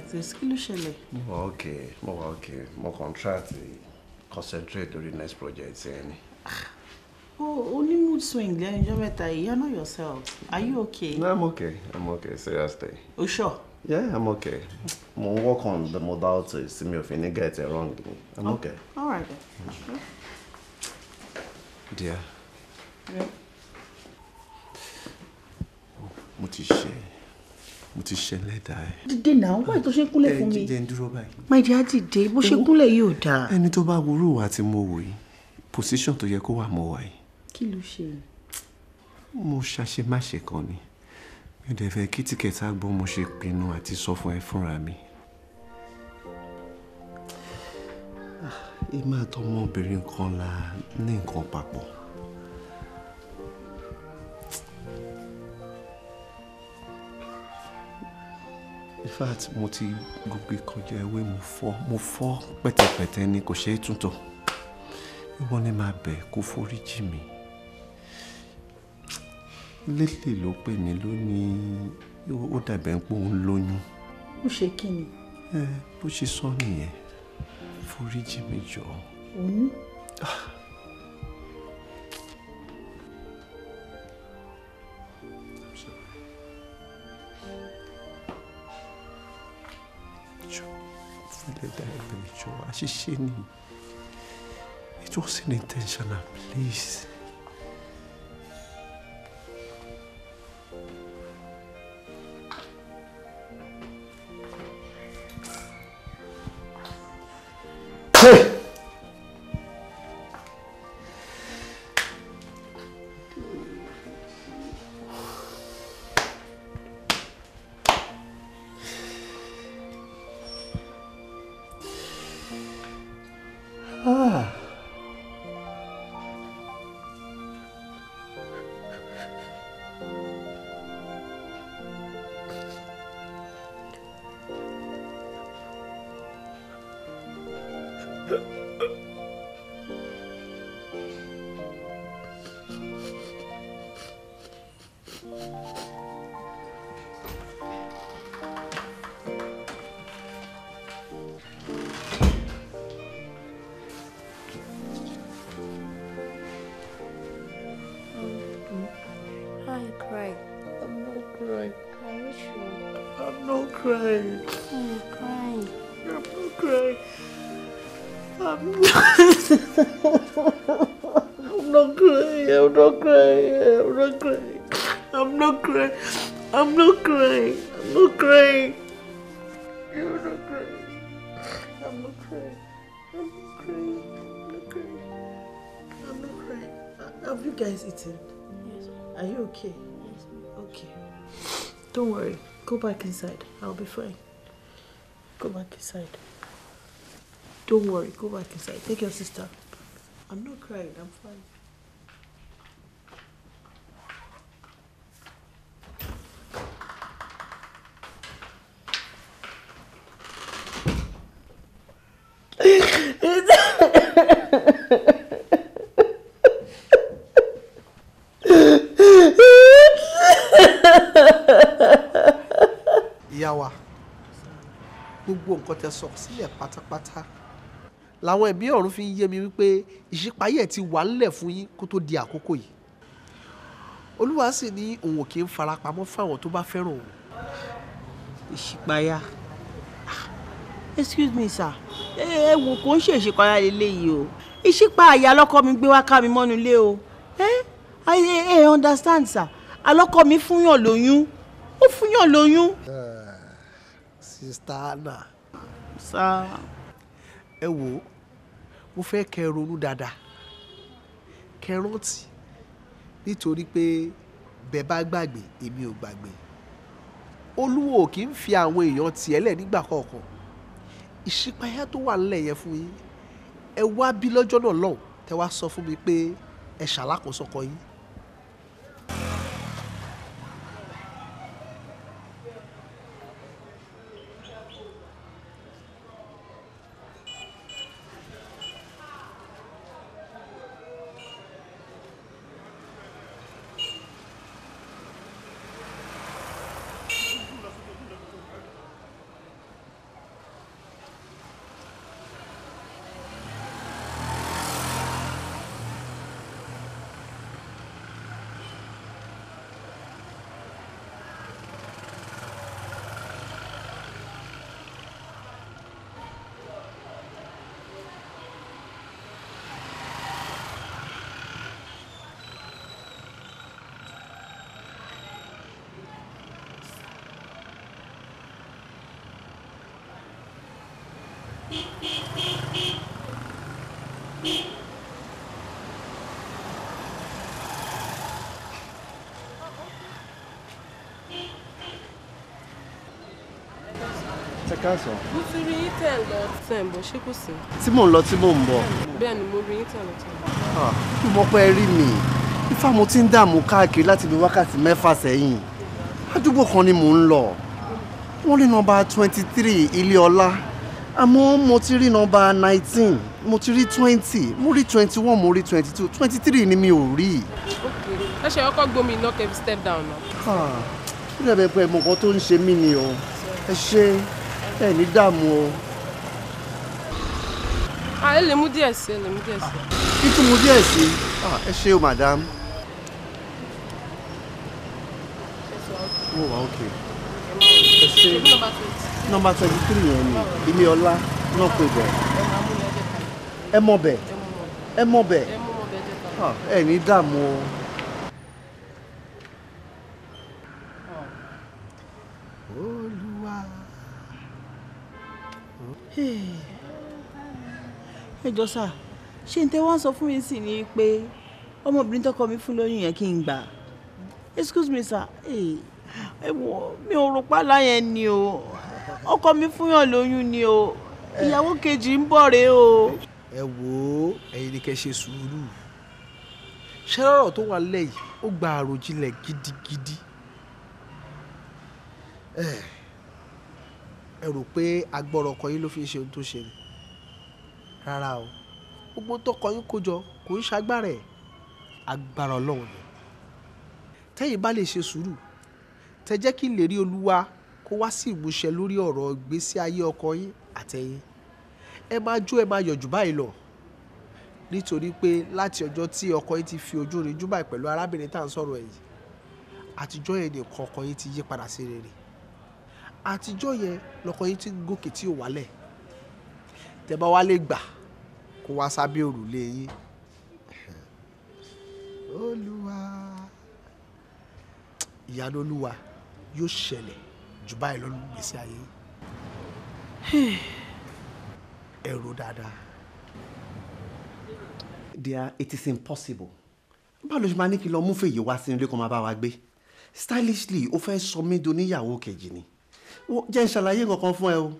Francis kí ló ṣẹlẹ̀. mo wà okay mo wà okay mo contract concentrate lórí next project ẹ ni. Ah, oh, o ní mood swing lẹ́yìn ọjọ́ mẹ́ta yìí you know yourself are you okay. no i'm okay i'm okay I stay. o sure. yeah i'm okay mo work on the modalities mi ò fi ní get it wrong i'm oh, okay. all right then. Mm okay. dear. Yeah. mo ti ṣe mo ti ṣẹlẹ̀ dà ẹ́. dìde náà wáyé tó ṣe ń kúnlẹ̀ fún mi. ẹ jẹ́ ń dúró báyìí. my dear dìde bó ṣe kúnlẹ̀ yìí ò dáa. ẹni tó bá wúrò wá tí mo wò yìí position tó yẹ kó wà mọ́ wà yìí. kí ló ṣe. mo ṣàṣemáṣe kan ni mi ò dẹ̀ fẹ́ kí tíkẹ́tì àgbọ̀ mo ṣe pinnu àti sọ fún ẹ fúnra mi. èmi ah, àtọmọbìnrin kan la ní nǹkan papọ̀. in fact mo ti gòkè kọjá ewé mo fọ́ mo fọ́ pẹ̀tẹ̀pẹ̀tẹ̀ ni kò ṣeé túntò ìwọ ni màá bẹ̀ kó foríjì mi lélẹ̀ ló pè mí lónìí ó dàbẹ̀ pé òun lóyún. ó ṣe kí ni. ẹ bó ṣe sọ nìyẹn foríjì mi jọ. oyún. ah it wasn't intentional please. Hey! crying. I'm crying. I'm crying. I'm not crying. I'm not crying. I'm not crying. I'm not crying. I'm not crying. I'm not crying. You're not crying. I'm not crying. I'm not crying. I'm not crying. I'm not crying. Have you guys eaten? Yes. Are you okay? Yes. Okay. Don't worry. Go back inside. I'll be fine. Go back inside. Don't worry. Go back inside. Take your sister. I'm not crying. I'm fine. Ha *laughs* a wà gbogbo nǹkan tẹ sọ sílẹ̀ pátápátá làwọn ẹ̀mí ọ̀run fi ń yé mi wípé ìṣípayẹ̀ ti wà ńlẹ̀ fún yín kó tó di àkókò yìí olúwa sì ní òun kì í farapamọ́ fáwọn tó bá fẹ́ràn òun. ìṣípayà ah, excuse me sir ẹ wò kó ń ṣe ìṣípayà lélẹ́yìí o ìṣípayà lọ́kọ mi gbé wá ká mi mọ́nu ilé o ẹ ẹ understand sir alọ́kọ mi fúnyàn lóyún ó fúnyàn lóyún. Uh sista anna sá ẹ wò ó mo fẹ́ kẹ́ ẹ ronú dáadáa kẹ́ ẹ rántí nítorí pé bẹ́ẹ̀ bá gbàgbé èmi ò gbàgbé olúwo kì í fi àwọn èèyàn tiẹ̀ lẹ̀ nígbà kọ̀ọ̀kan ìṣípayá tó wà nílẹ̀ yẹn fún yín ẹ wá bí lọ́jọ́ náà lọ́hùn tẹ́ wá sọ fún mi pé ẹ ṣàlákòóso kọ yín káàsán. mo ti rí yín tẹ̀ lọ tẹ̀ ń bọ̀ ṣé kò sí. tí mò ń lọ tí mò ń bọ̀. bẹ́ẹ̀ ni mo rí yín tẹ̀ lọ tẹ̀ ń bọ̀. mo pẹ́ rí mi ifá mo ti ń dààmú káàkiri láti bí wákàtí mẹ́fà sẹ́yìn àdúgbò kan ni mò ń lọ wọ́n rí nọ́mbà twenty three ilé ọlá àmọ́ mo ti rí nọ́mbà nineteen mo ti rí twenty mo rí twenty one mo rí twenty two twenty three ni mi ò rí. ẹ ṣe ọkọ gbomi knock every step down. ó dàbẹ̀ pé ẹ̀mọ̀kan tó ń ṣe mí ni o ẹ ṣe ẹ ní dààmú o. à ẹ lè mú díẹ̀ sí ẹ lè mú díẹ̀ sí. títún mú díẹ̀ sí ẹ ṣe o madam. mo wà ókè ẹ ṣe nọ́mbà twenty three yẹn ni ilé ọlá náà pè bẹ ẹ mọ bẹ ẹ mọ bẹ ẹ ní dààmú o. ẹ jọ sà ṣé n tẹ wá ń sọ fún mi ni ọmọbìnrin tọkọ mi fún kí n gbà excuse me sir yẹn ni o ọkọ mi fún yàn ni o ìyàwó kejì ń bọ̀ o. ẹ wò ó ni kẹ́ ṣe sùúrù tó wà lẹ́yìn ó gba ẹ rò pé agbọ́rọ̀ ọkọ yín ló fi ń ṣe ohun tó ṣe ni rárá o gbogbo tọkọ yín kó jọ kò ń ṣagbára ẹ̀ agbára ọlọ́run ni tẹ́yìn bá lè ṣe sùúrù tẹ́ jẹ́ kí ìlérí olúwa kó wá sí ìmúṣẹ lórí ọ̀rọ̀ ìgbésí ayé ọkọ yín àtẹ̀yìn ẹ máa jó ẹ máa yọ̀jú báyìí lọ nítorí pé láti ọjọ́ tí ọkọ yín ti fi ojú rìn jú báyìí pẹ̀lú arábìnrin tá à ń sọ̀rọ̀ ẹ̀ àtijọ́ yẹn nìkan ọkọ yín ti yí padà sí rere àtijọ́ yẹn lọ́kọ yín ti gòkè tí ò wálẹ̀ tẹ́ bá wálé gbà kó wá sábẹ́ òrùlé yín olúwa ìyanu olúwa yóò ṣẹlẹ̀ jù báyìí lọ́nu gbèsè ayé ẹ̀rù dáadáa. dear it is impossible báwo ló ṣe máa ní kí n lọ mú fèyí wá sínú ilé kan máa bá wa gbé stylishly ó fẹ́ sọ mí do níyàwó kejì ni jẹ́ ń ṣàlàyé kankan fún ẹ o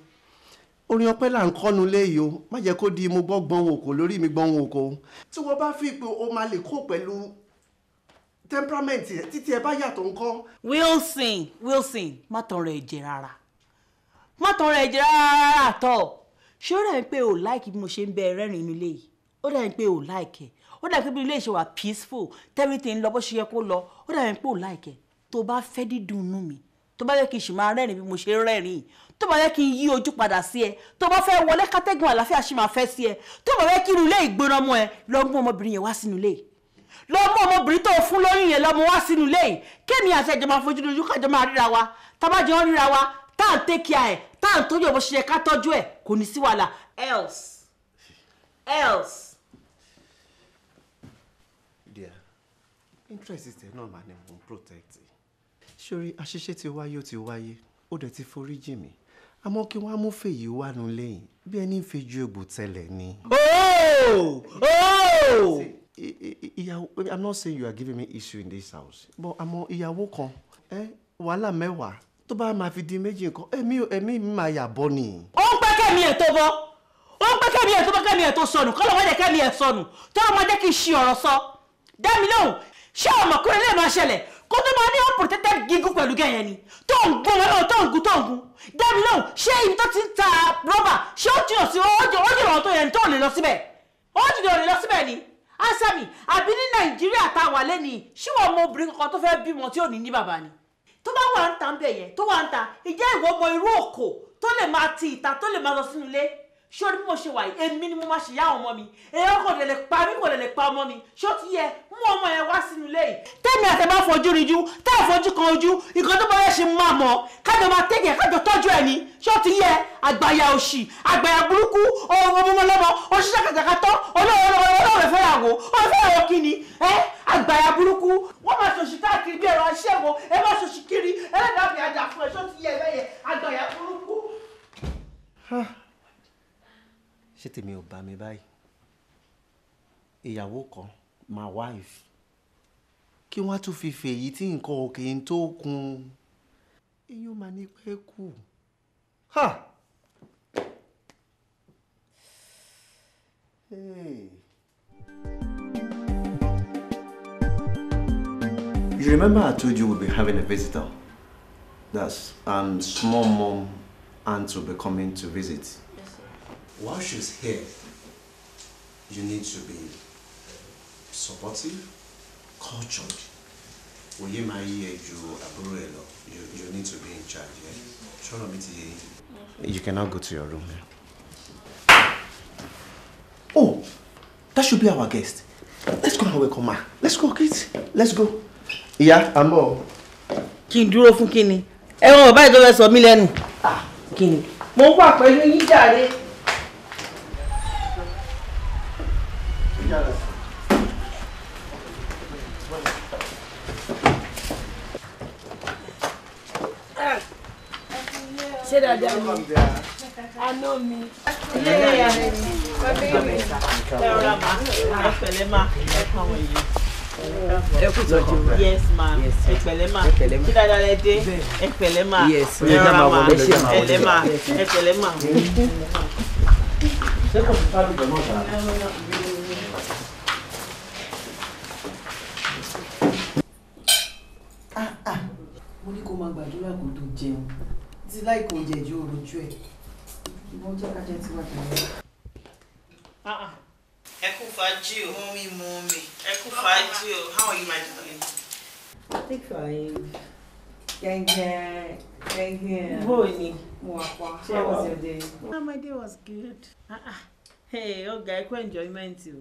orin ọpẹ́ là ń kọ́nu léyìí o má jẹ́ kó di mo gbọ́ gbọ́n òun kò lórí mi gbọ́n òun kò. tí wọ́n bá fi pé o máa lè kó pẹ̀lú temperament rẹ títí ẹ bá yàtọ̀ ńkọ́. Wilson Wilson má tan ọ̀rọ̀ ẹ̀jẹ̀ rárá má tan ọ̀rọ̀ ẹ̀jẹ̀ rárá tọ̀ ṣé ó dàbí pé o like bí mo ṣe ń bẹ rẹ́rìn inú ilé yìí ó dàbí pé o like ẹ̀ ó dàbí pé bí ilé ìṣe wà peaceful everything lọ bó ṣe yẹ kó lọ ó dàbí pé o like ẹ̀ tó bá fẹ́ dídùn inú mi tó bá yẹ kí n ṣì máa rẹ́rìn bí mo ṣe rẹ́rìn tó bá yẹ kí n yí ojú padà sí ẹ tó bá fẹ́ wọlé kátẹ́gùn àlàáfíà ṣì máa fẹ́ sí ẹ tó bá yẹ kí inú ilé ìgbóná mọ́ ẹ lọ mú ọmọbìnrin yẹn wá sínú ilé lọ mú ọmọbìnrin tó fún lóyún yẹn lọ mú wá sínú ilé kémi àti ẹjọ máa fojú dojú kájọ máa ríra wa tábàjọ ń ríra wa tá à ń tẹ́kíà ẹ̀ tá à ń tọ́jú ẹ̀ bó ká tọ́jú ẹ̀ kò ní sí wàhálà else else interest is náà máa ní mò ń protect sórí àṣìṣe ti wáyé ó ti wáyé ó dẹ̀ ti forí jì mí àmọ́ kí wọ́n á mú fèyí wà nù lẹ́yìn bí ẹni ń fẹ́ ju egbò tẹ́lẹ̀ ni. ooo oh! ooo. Oh! ìyàwó i'm not saying you are giving me issue in this house but àmọ́ ìyàwó kan wàhálà mẹ́wàá tó bá máa fi di méjì nǹkan ẹ̀mí ẹ̀mí mi máa yà bọ́ ni. ó ń pẹ́ kẹ́mi ẹ̀ tó bọ́ ó ń pẹ́ kẹ́mi ẹ̀ tó bọ́ kẹ́mi ẹ̀ tó sọnù kọ́ lọ́wọ́ dẹ̀ kẹ́mi ẹ̀ sọnù tó máa jẹ́ kí n ṣi ọ̀rọ̀ sọ dá mi lóhùn ṣé ọmọkùnrin lè máa ṣẹlẹ̀ kó tó máa ní unprotected gígùn pẹ̀lú gẹ̀yẹn ni tó ń gún lọ́wọ́ tó ń gún tó ń gún dẹ́mi lóhùn ṣé ibi tó ti ń ta rọ́bà ṣé ó jìnà sí ó jìnà tó yẹn tó lè lọ síbẹ̀ ó jìnà lè lọ síbẹ̀ ni asami àbí ní nàìjíríà tá a wà lẹ́nìí ṣíwọ́ ọmọbìnrin kankan tó fẹ́ bímọ tí ò ní ní bàbá ni tó bá wà ń ta ń bẹ̀ yẹn tó wà ń ta ìjẹ́ ìwọ ọmọ irú òkò tó lè máa ti ìta tó lè máa lọ sínú ilé ṣé o ní bí mo ṣe wà yìí èmi ni mo máa ṣe yá ọmọ mi èèyàn kò lè lè pa mí kò lè lè pa ọmọ mi ṣé o ti yẹ mú ọmọ yẹn wá sínú ilé yìí. tẹ́mi àti bá fojú rinjú tá a fojú kan ojú nǹkan tó bá yẹ ṣe máa mọ̀ kájọ máa tẹ̀yẹ̀ kájọ tọ́jú ẹ̀ ni ṣé o ti yẹ àgbàyà òṣì àgbàyà burúkú ọmọmọlọmọ oṣiṣẹ́ kàkàkàtọ́ olóòrè fẹ́ràn ṣé tèmi ò bá mi báyìí ìyàwó kan my wife kí wọ́n tún fi fèyí tí nǹkan òkè ń tó kun èèyàn máa ní pẹ́ kù. You remember I told you we'll be having a visitor? That's um, small mom aunt will be coming to visit. While she's here, you need to be supportive, cultured. Oye máa yí ẹ ju àbúrò You need to be in charge. Ṣọ́nà You cannot go to your room. Yeah? Oh, that should be our guest. Let's go and welcome her. Let's go, kids. Let's go. Yeah, à ń bọ̀. fun Kini. dúró fún kí ni? Ẹ̀wọ̀n bàbá ìjọba sọ mí lẹ́nu. Ah, kí ni? Mo wà ṣé dáadáa ni àná mi. ilé ìyá rẹ ni bàbá mi lẹ́rọ̀rọ̀ ma ẹ pẹ̀lẹ́ ma ẹ kàn wọ̀nyí. ẹ kú tọ́jú rẹ yes ma ẹ pẹ̀lẹ́ ma kí dáadáa lẹ dé ẹ pẹ̀lẹ́ ma lẹ́rọ̀rọ̀ ma ẹ pẹ̀lẹ́ ma ẹ pẹ̀lẹ́ ma. ṣé kò sí sábì pẹ̀lú ọ̀gá? mo ní kó máa gbàdúrà kó tó jẹun ti láì kò jẹ̀jú òròjú ẹ̀ ṣùgbọ́n jẹ́ ká jẹ́ ti wà jẹ́. Ah, ah. ẹ kú fàájì o mọ́mí mọ́mí ẹ kú fàájì o how are you my darling. take five gẹ́gẹ́ gẹ́gẹ́. bó o ní. mo wà pa how was your day. Ah, my day was good. ọ̀gá ẹ kú enjoyment o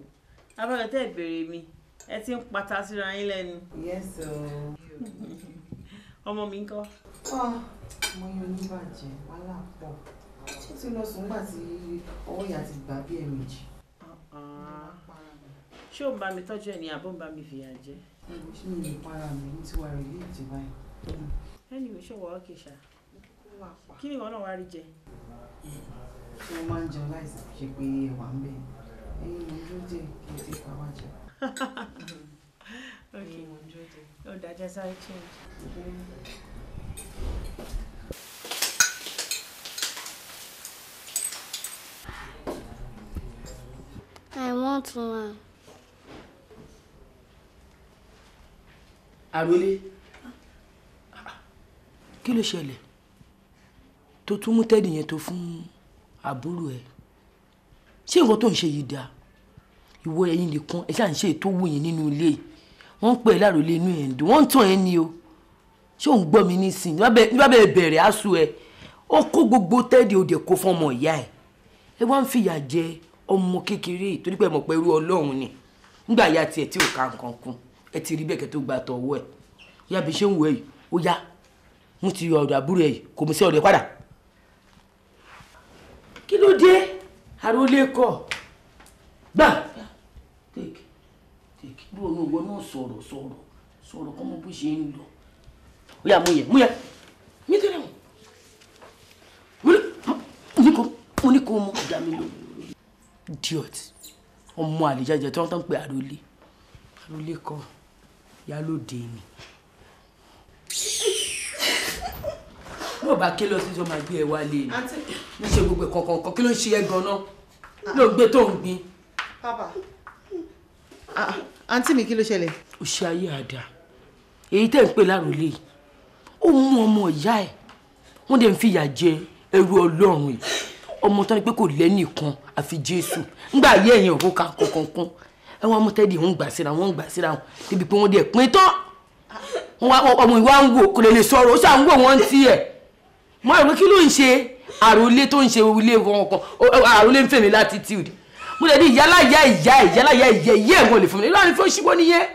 abájọ tẹ́ ẹ béèrè mi ẹ ti ń pata síra yín lẹ́nu. yes o. *laughs* ọmọ mi ń kọ́ mo yan oníbàjẹ́ wàhálà pọ̀ ṣé ti lọ sùn nígbà tí ọwọ́ ìyá ti gbà bí ẹ̀mejì. ṣé o ń bá mi tọ́jú ẹ̀ ní àbọ̀ ń bá mi fìyà jẹ. ṣé mi lè para mi mo ti wà rẹ̀ ní ìjìbá yìí. anyway ṣé wọ́n kì í ṣá kí ni ìwọ náà wá rí jẹ. ṣé wọ́n máa ń jẹun láìsí ṣe pé ẹ̀wà ń bẹ̀ ẹ̀yin mo dúró jẹ́ kí n ti pa wá jẹ. *laughs* okay. Mm, oh, that just I change. I want one. Àròlé, kí ló ṣẹlẹ̀? Tó tún mú tẹ́ẹ̀dì yẹn tó fún àbúrò ẹ̀. Ṣé nǹkan tó ń ṣe yìí dáa? Ìwọ ẹ̀yin nìkan ẹ ṣáà ń ṣe ètò wù yín nínú ilé yìí. Wọ́n ń pè é láròlé inú ẹ̀ ń dùn. Wọ́n ń tàn ẹ́ ni o. Ṣé òun gbọ́ mi nísìnyí? Nígbà bẹ́ẹ̀ bẹ̀rẹ̀ aṣọ ẹ̀. Ó kó gbogbo tẹ́ẹ̀dì òde kó fún ìyá ẹ̀. Ẹ wá ń fìyà jẹ ọmọ kékeré yìí torí pé ẹ mọ̀ pé ni nígbà ya tiẹ̀ tí ò ka nǹkan kún ẹ ti rí bẹ́ẹ̀ kẹ́ gba tọ̀wọ́ ẹ̀ ya bí ṣé ń wọ ẹ yìí ó yá mo ti yọ ọ̀dọ̀ àbúrò ẹ yìí kò mú sí ọ̀dọ̀ ẹ padà. kí ló dé àròlé kọ gbà tèkì tèkì bí òun ìwọ náà sọ̀rọ̀ sọ̀rọ̀ sọ̀rọ̀ kọ́mọ bó ṣe ń lọ ó yá mú yẹ mú yẹ mí tẹ́lẹ̀ wọn mo ní kó mo ìdá mi lóhùn idiot ọmọ àlejàjẹ tí wọ́n tán pé àròlé àròlé kọ yálòdì ni yóò bá ké lọ sí sọ máa gbé ẹ wálé ni níṣẹ́ gbogbo kankan kí ló ń ṣe ẹ gan-an ló ń gbé tó ń gbin. bàbá àǹtí mi kí ló ṣẹlẹ̀. ó ṣe ayé àdá èyí tẹ́ ń pè láròlé yìí ó mú ọmọ ìyá ẹ̀ wọ́n dẹ̀ ń fìyà jẹ ẹrú ọlọ́run yìí ọmọ tán ni pé kò lẹ́nìkan àfi jésù ńgbà ayé ẹ̀yìn òkú ká kankan kún ẹwọn ọmọ tẹ́lẹ̀ ń gbà síra wọn ń gbà síra wọn débi pé wọ́n dẹ̀ pín tán ọmọ ìwà ń wò kò lè lè sọ̀rọ̀ ó ṣà ń wò wọ́n ń tiẹ̀ mo rò pé kí ló ń ṣe àròlé tó ń ṣe ilé wọn kan àròlé ń fèmí latitude mo lè ní ìyálà ìyá ìyá ìyálà ìyá ìyá ìyá ẹ̀wọ̀n lè fún mi láàrin fún ṣíwọ́ nìyẹn.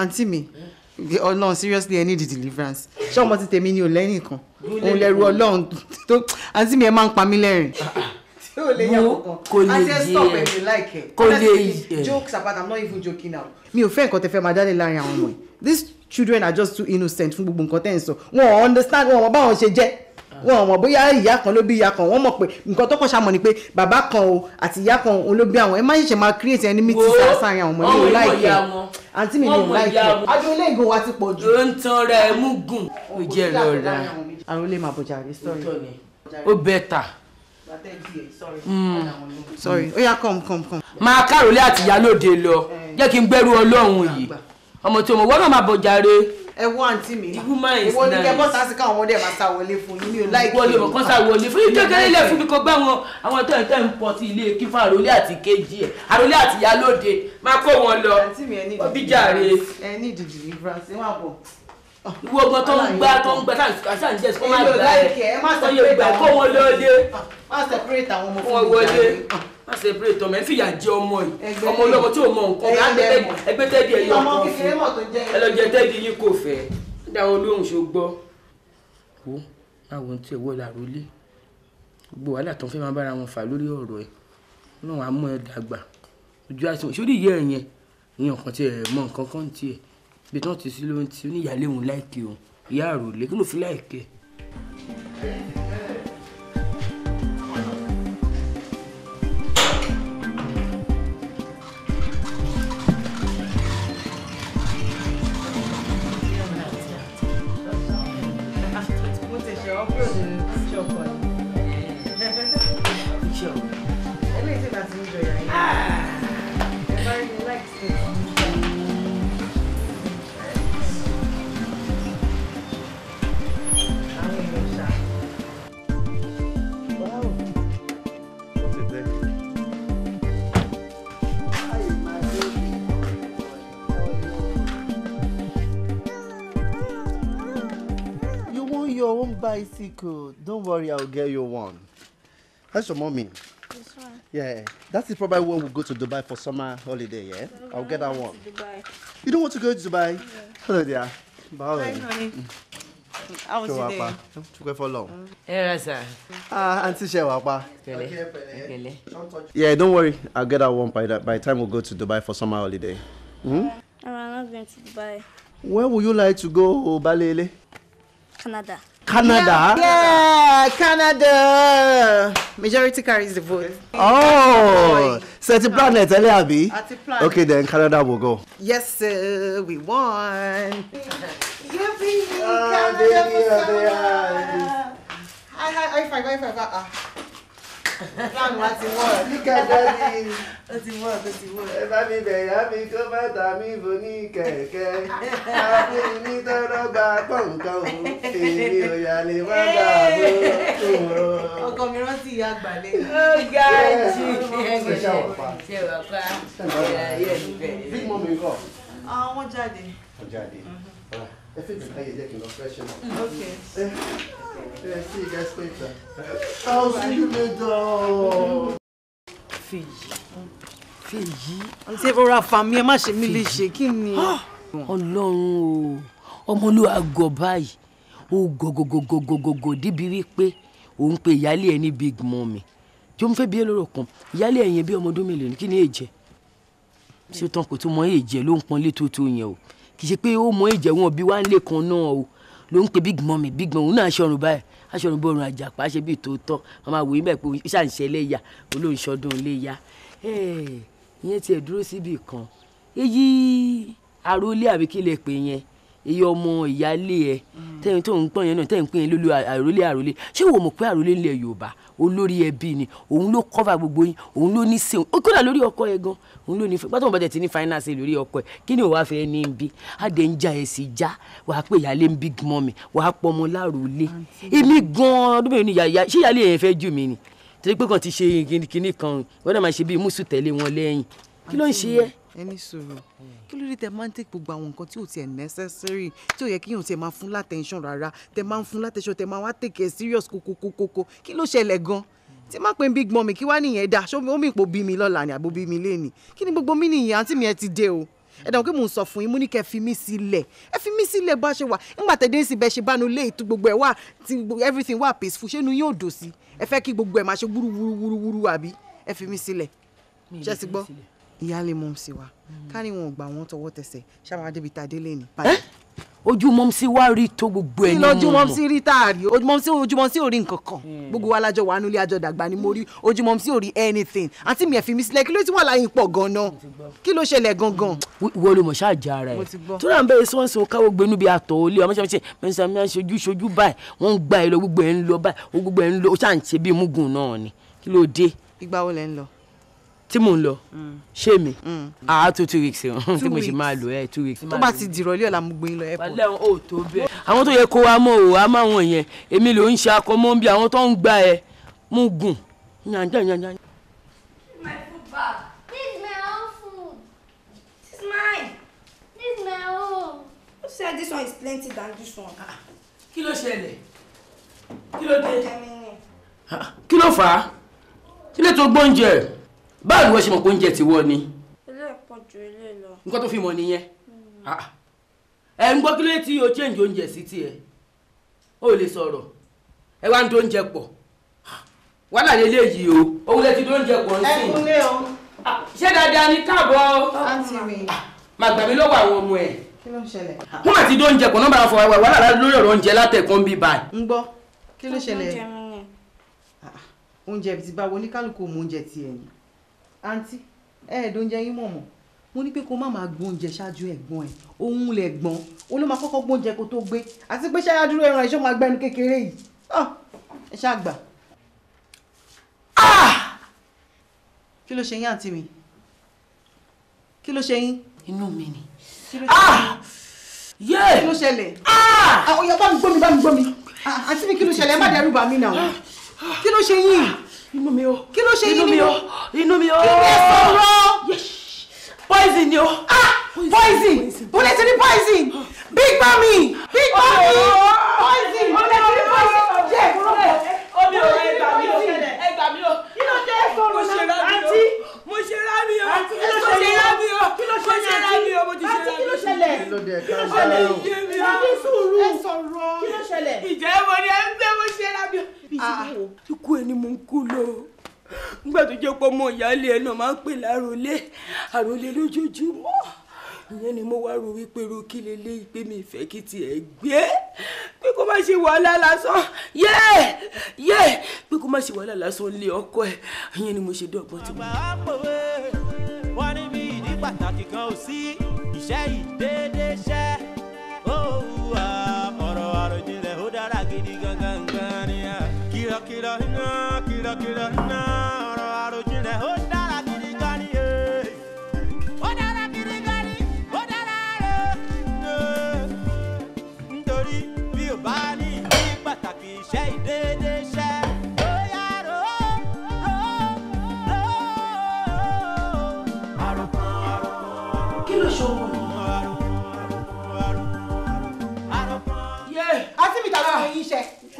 àǹtí mi ọlọ́run oh, seriously i need deliverance ṣé ọmọ ti tèmi ni ò lẹ́yìn kan òun lẹ́rù ọlọ́run tó àǹtí mi ẹ máa ń pa mí lẹ́rìn. Ah, ah. tí o lè kò lè yé kò lè yé jokes apart i'm not even joking now. mi ò fẹ́ nǹkan tẹ fẹ́ máa jáde láàrin àwọn ọmọ yìí these children are just too innocent fún gbogbo nǹkan tẹ́ ń sọ wọn ò understand wọn ò bá wọn ṣe jẹ́ wọn mọ̀ bóyá ìyá kan ló bí ìyá kan wọ́n mọ̀ pé nǹkan tó kọ́ ṣàmọ̀ ni pé bàbá kan o àti ìyá kan òun ló bí àwọn ẹ má ṣẹ̀ṣẹ̀ máa create enemy tí sàṣàyàn ọmọ ilé o láìpẹ́ àǹtí mi ló láìpẹ́ adúlé ilé ìgò wa ti pọ̀ jù. ó ń tan ra ẹ mú gùn ó jẹ́ rọra. àròlé máa bọ̀jà rí sọ́ọ̀rì ó better hmm. hmm. sorry ó yá come come come. máa àtìyá lóde lọ eh. jẹ́ kí n gbẹ́rú ọlọ́run yìí ọmọ tí o mọ̀ wọ́n máa bọ̀ jàre. ẹ wọ àǹtí mi ìwọ ni kẹ bọ́sà sí káwọn ọmọdé máa sá wọlé fún yín mi ò láì kí wọlé mọ̀ kán sá wọlé fún yín kékeré ilé fún mi kó gbá wọn àwọn tó ń tẹ́ ń pọ̀ sí ilé kífà àròlé àti kejì ẹ̀ àròlé àti ìyálóde máa kó wọn lọ òbí jàre. ẹ ní ìdìdì ìfúrasí wà bọ̀ ìwọ tó ń gbá tó ń gbá sáà ń jẹ kó má gbà ẹ kó ah, má separate àwọn ọmọ fún mi má separate ọmọ ẹ fìyà jẹ ọmọ yìí ọmọ olówó tí ò mọ nǹkan kan ẹgbẹ́ tẹ́dí ẹ̀yọ kan fún ẹ lọ jẹ tẹ́dí yìí kò fẹ́ dáwọn olóhùn ṣó gbọ́. wo àwọn tí ẹwọ́ làrú lé gbogbo wàhálà tó ń fẹ́ máa bára wọn fà lórí ọ̀rọ̀ ẹ̀ náà àmọ́ ẹ dàgbà ojú àti sórí ìyá ẹ̀ yẹn ìyẹn kan tiẹ̀ mọ nǹkan kan tiẹ̀ bí tán ti sí ló ń ti oníyàlé òun láìkè òun ìyá àròlé kí ló fi láìkè. your own bicycle. Don't worry, I'll get you one. That's your mommy. Yeah, that's the probably when we go to Dubai for summer holiday. Yeah, no, I'll get that one. Dubai. You don't want to go to Dubai? Yeah. Hello dear. Bye. Hi, honey. Mm. How was your day? go for long. Yeah, sir. Ah, Auntie Shewapa. Okay, Yeah, don't worry. I'll get that one by the, by the time we go to Dubai for summer holiday. Hmm? I'm not going to Dubai. Where would you like to go, Balele? Canada. Canada? Yeah, yeah Canada. Majority carries the vote. Oh, so it's a brown net, Abi. Okay, then Canada will go. Yes, sir, we won. Yippee, oh, Canada for Canada. Hi, hi, high five, high five. Ah, ah. Plan wa ti wọ̀ ní kẹ̀kẹ́ ni. Ó ti wọ̀ ó ti wọ̀. Ẹ bá mi bẹ̀yà mi kó bàtà mi bò ní kẹ̀kẹ́. Àbí ní tọ́lọ́gba pọ̀nkán òun èmi ò yà lè má dààmú ọkọ mi rántí ìyá àgbà lẹ́yìn. ó ga jù ẹgbẹ́ ṣe wà pa ṣe eh, wà eh, pa eh, ìyàyé ẹ̀ bẹ̀rẹ̀. bí mo mi kọ. àwọn ah, jáde. wọ́n jáde mhm. ah, ẹ fi bìtá yẹ jẹ́ kí n lọ fẹ́ṣẹ̀ ẹ mm, sí ìgbà spẹ́ta. àwọn sílùú mi dán. fìyí fìyí. ṣé rọra fàmí ẹ má ṣe mí léṣe kí ni. Ah, ọlọ́run o ọmọlúwa gọ̀ báyìí ó gògògògògògògò débi wípé òun pe ìyáálé ẹ ní big mummy tí ó ń fẹ́ bí ẹlòrò kan ìyáálé ẹ yẹn bí ọmọ ọdún mélòó ní kí ni èjẹ ṣé tán kò tún mọ èjẹ ló ń pọn létò tó yẹn o kì í ṣe pé ó mọ èjẹ wọn bí wá ń lè kan náà o ló ń pe big mummy big mummy òun náà aṣọrun báyìí aṣọrun bọrun àjàpá ṣe bí tòótọ́ wọn máa wò yín bẹ́ẹ̀ pé ṣàǹṣẹ́ lẹ́yà olóńṣọdún léyà ìyẹn tiẹ̀ dúró síbì kan èyí àròlé àbí kí iye ọmọ ìyáálé ẹ mm. tẹ́yìn tó ń pọ̀ yẹn náà tẹ́yìn pín in lólu àròlé àròlé ṣé wò mọ̀ pé àròlé ilẹ̀ yorùbá olórí ẹbí ni òun ló cover gbogbo yín òun ló ní sèun ó kódà lórí ọkọ ẹ gan òun ló ní fẹ gbọ́dọ̀ bàtẹ tí ní finance lórí ọkọ ẹ kí ni òwà fẹ ní bí adé ń ja ẹsì já wàá pé ìyáálé ń big mummy wàá pọ ọmọ láròlé èmi gan ọdún mẹ́rin ni yàyà ṣé ìyáálé yẹn fẹ́ jù mí ni torí pé kàn ti ṣe kinní kan wọ́n náà máa ṣe bíi mùsù ẹ ní sùúrù kí ló dé tẹ máa ń tẹ gbogbo àwọn nǹkan tí ò tiẹ̀ necessary tí ò yẹ kíyàn tiẹ̀ máa fún látẹ̀nṣán rárá tẹ máa ń fún látẹ̀nṣán tẹ máa wá tẹ̀kẹ̀ serious kókókókó kí ló ṣẹlẹ̀ gan tí má pe big mummy kí wá nìyẹn dá ṣó omi ìpò bí mi lọ́la ni àbó bí mi lé ni kí ni gbogbo mi nìyẹn àǹtí mi ẹ ti dé o ẹ dàn pé mò ń sọ fún yín mo ní kẹ́ fi mí sílẹ̀ ẹ fi mí sílẹ̀ bá ṣe wà nígbà tẹ̀dé ń sibẹ̀ ṣe bánu lé ètò gbogbo ẹ̀ wà tí everything wà peaceful ṣé inú yóò dò sí ẹ fẹ́ kí gbogbo ẹ̀ máa ṣe wúruwúruwúru àbí ẹ fi mí sílẹ̀ ṣe ti gbọ́ ìyáálé mọ́mísì wa ká ní wọn gbà wọ́n tọwọ́ tẹsẹ̀ ṣáwa débi tá a délé ní. ojú mọ́mísì wa rí tó gbogbo ẹ̀ nínú ọ̀nà. kí lọ́jú mọ́mísì rí tá a rí ojú mọ́mísì ojú mọ́mísì ò rí nǹkan kan hmm. gbogbo wa lájọ wà nílé àjọ dàgbà ni mo rí ojú mọ́mísì ò rí anything àti mi ẹ̀ fi mi sílẹ̀ kí ló ti wà láyé pọ̀ gan-an kí ló ṣẹlẹ̀ gan-an. ìwọ ló mọ̀ ṣáà já ara ẹ̀ tó náà ń bẹ̀rẹ̀ sọ́nsọ́ káwọ́ gbénú bíi àtọ̀ olé ọmọ ṣẹ́fẹ́ tí mò ń lọ mm. ṣé mi mm. àá tó two weeks hàn eh, *laughs* tí mo ṣe máa lò ẹ eh, two weeks. tó bá ti dìrọ̀ ilé ọ̀la mo gbé lọ airport. wàlẹ́ o tó bẹ́ẹ̀. àwọn tó yẹ kó wa mọ̀ o a máa wọ̀n yẹn èmi ló ń ṣe akọmọ́ bí àwọn tó ń gba ẹ mo gùn yànjá yànjá. my food bag. this is my own food. this is mine. this is my own. who said this one is plenty than this one. Ah, kí ló ṣẹlẹ̀ kí ló dé ah, kí ló fà á kí ló tó gbóúnjẹ. báwo wọ́n ṣe mọ̀ pé oúnjẹ ti wọ́ ni. nǹkan tó fi mọ̀ nìyẹn. Hmm. Ah. ẹ ń gbọ́ kí ló o change oúnjẹ sí o lè sọ̀rọ̀ ẹ wá ń do oúnjẹ pọ̀ ah. o òun lè ti do oúnjẹ pọ̀ nsìn. ẹ kúnlẹ̀ o. Ah. ṣé dáadáa ni káàbọ̀ máa lọ́wọ́ àwọn ọmọ ẹ̀. oúnjẹ bí báyìí. ń gbọ́ kí ló oúnjẹ ti àǹtí ẹ̀ẹ́dùn oúnjẹ yín mọ̀ mọ̀ mo ní pé kó má máa gbóúnjẹ ṣáájú ẹ̀gbọ́n ẹ̀ òun lẹ̀ gbọ́n ó ló máa kọ́kọ́ gbóúnjẹ kó tó gbé àti pé ṣáájú dúró ẹran ẹ̀ṣọ́ máa gbẹ́nu kékeré yìí ah, ẹ ṣáà gbà. Ah! kí ló ṣe yín àǹtí mi kí ló ṣe yín. inú mi ni. kí ló ṣe ah! yín. yéè kí ló ṣẹlẹ̀. ọ̀yọ́ bá mi gbómi bá mi gbómi àǹtí mi kí ló ṣẹlẹ̀ ẹ má dẹ́rù bà mí náà kí ló ṣe yín inú mi o kí ló ṣe yín nínú inú mi o kí ló sọ̀rọ̀ poison ni o ah! poison bó lè ti ní poison big mommy big mommy oh. poison. ló dé ẹ̀ka ọ̀sẹ̀ rẹ̀ o. ẹ sọ̀rọ̀ ẹ sọ̀rọ̀ kí ló ṣẹlẹ̀. ìjà ẹ̀wọ̀n ni ẹ ń gbé bó ṣe rábì. Ah, ikú ẹni mò ń kú lọ nígbà tó jẹ́ pé ọmọ ìyáálé ẹ náà máa ń pè láròlé àròlé lójoojúmọ́ ìyẹn ni mo wá rò wípé ro kí lélẹ́ ìpè mi ìfẹ́ kí tiẹ̀ gbé pé kó má ṣe wàhálà lásán yé yé pé kó má ṣe wàhálà lásán lé ọkọ ẹ ìyẹn ni mo ṣe dọ́gbọ́n tí àgbà àpòwé wọn níbi ìdí pàtàkì kan ò sí iṣẹ́ ìdédé ṣẹ́ òwúwa ọ̀rọ̀ àròjinlẹ̀ ó dára gidi gangan gan ni. kìlọ̀kìlọ̀ iná kìlọ̀kìlọ̀ iná.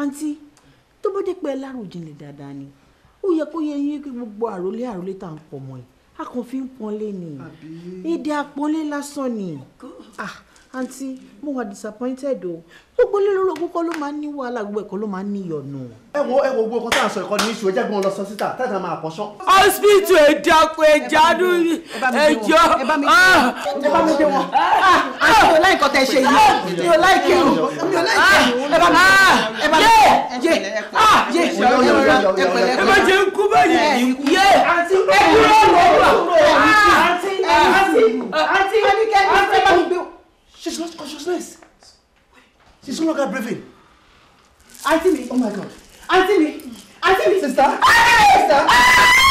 àǹtí tó bá jẹ́ pé ẹ láròjinlẹ̀ dáadáa ni ó yẹ kó yẹ yín kí gbogbo àròlé àròlé tá à ń pọ̀ mọ́ yìí a kàn fi ń pọ́nlé ni èdè àpọ́nlé lásán ni àǹtí mo wà disappointed o gbogbo lérò kókó ló máa ń ní wàhálà gbogbo ẹ̀kọ́ ló máa ń ní ìyọ̀nù. ẹ wo ẹ wo gbogbo nǹkan tá à ń sọ ẹ̀kọ́ ní ìṣù ẹjẹ́ gbọ́n lọ sọ síta tẹ́tà máa pọ̀ sán. hospital ìdàpọ̀ ìjádù ẹjọ́ ẹ bá mi dé wọn àti mi ò láì kọ́ tẹ̀ ṣe yìí mi ò láì kírun mi ò láì kírun ẹ bá mi ẹ bá mi yé yé yé ẹ bá jẹ nkú báyìí yé ẹ kúrò lọ́wọ́ àǹtí àǹtí àǹtí àǹtí She's lost consciousness. She's no longer breathing. I me. Oh my God. I see me. I me. Sister. Sister.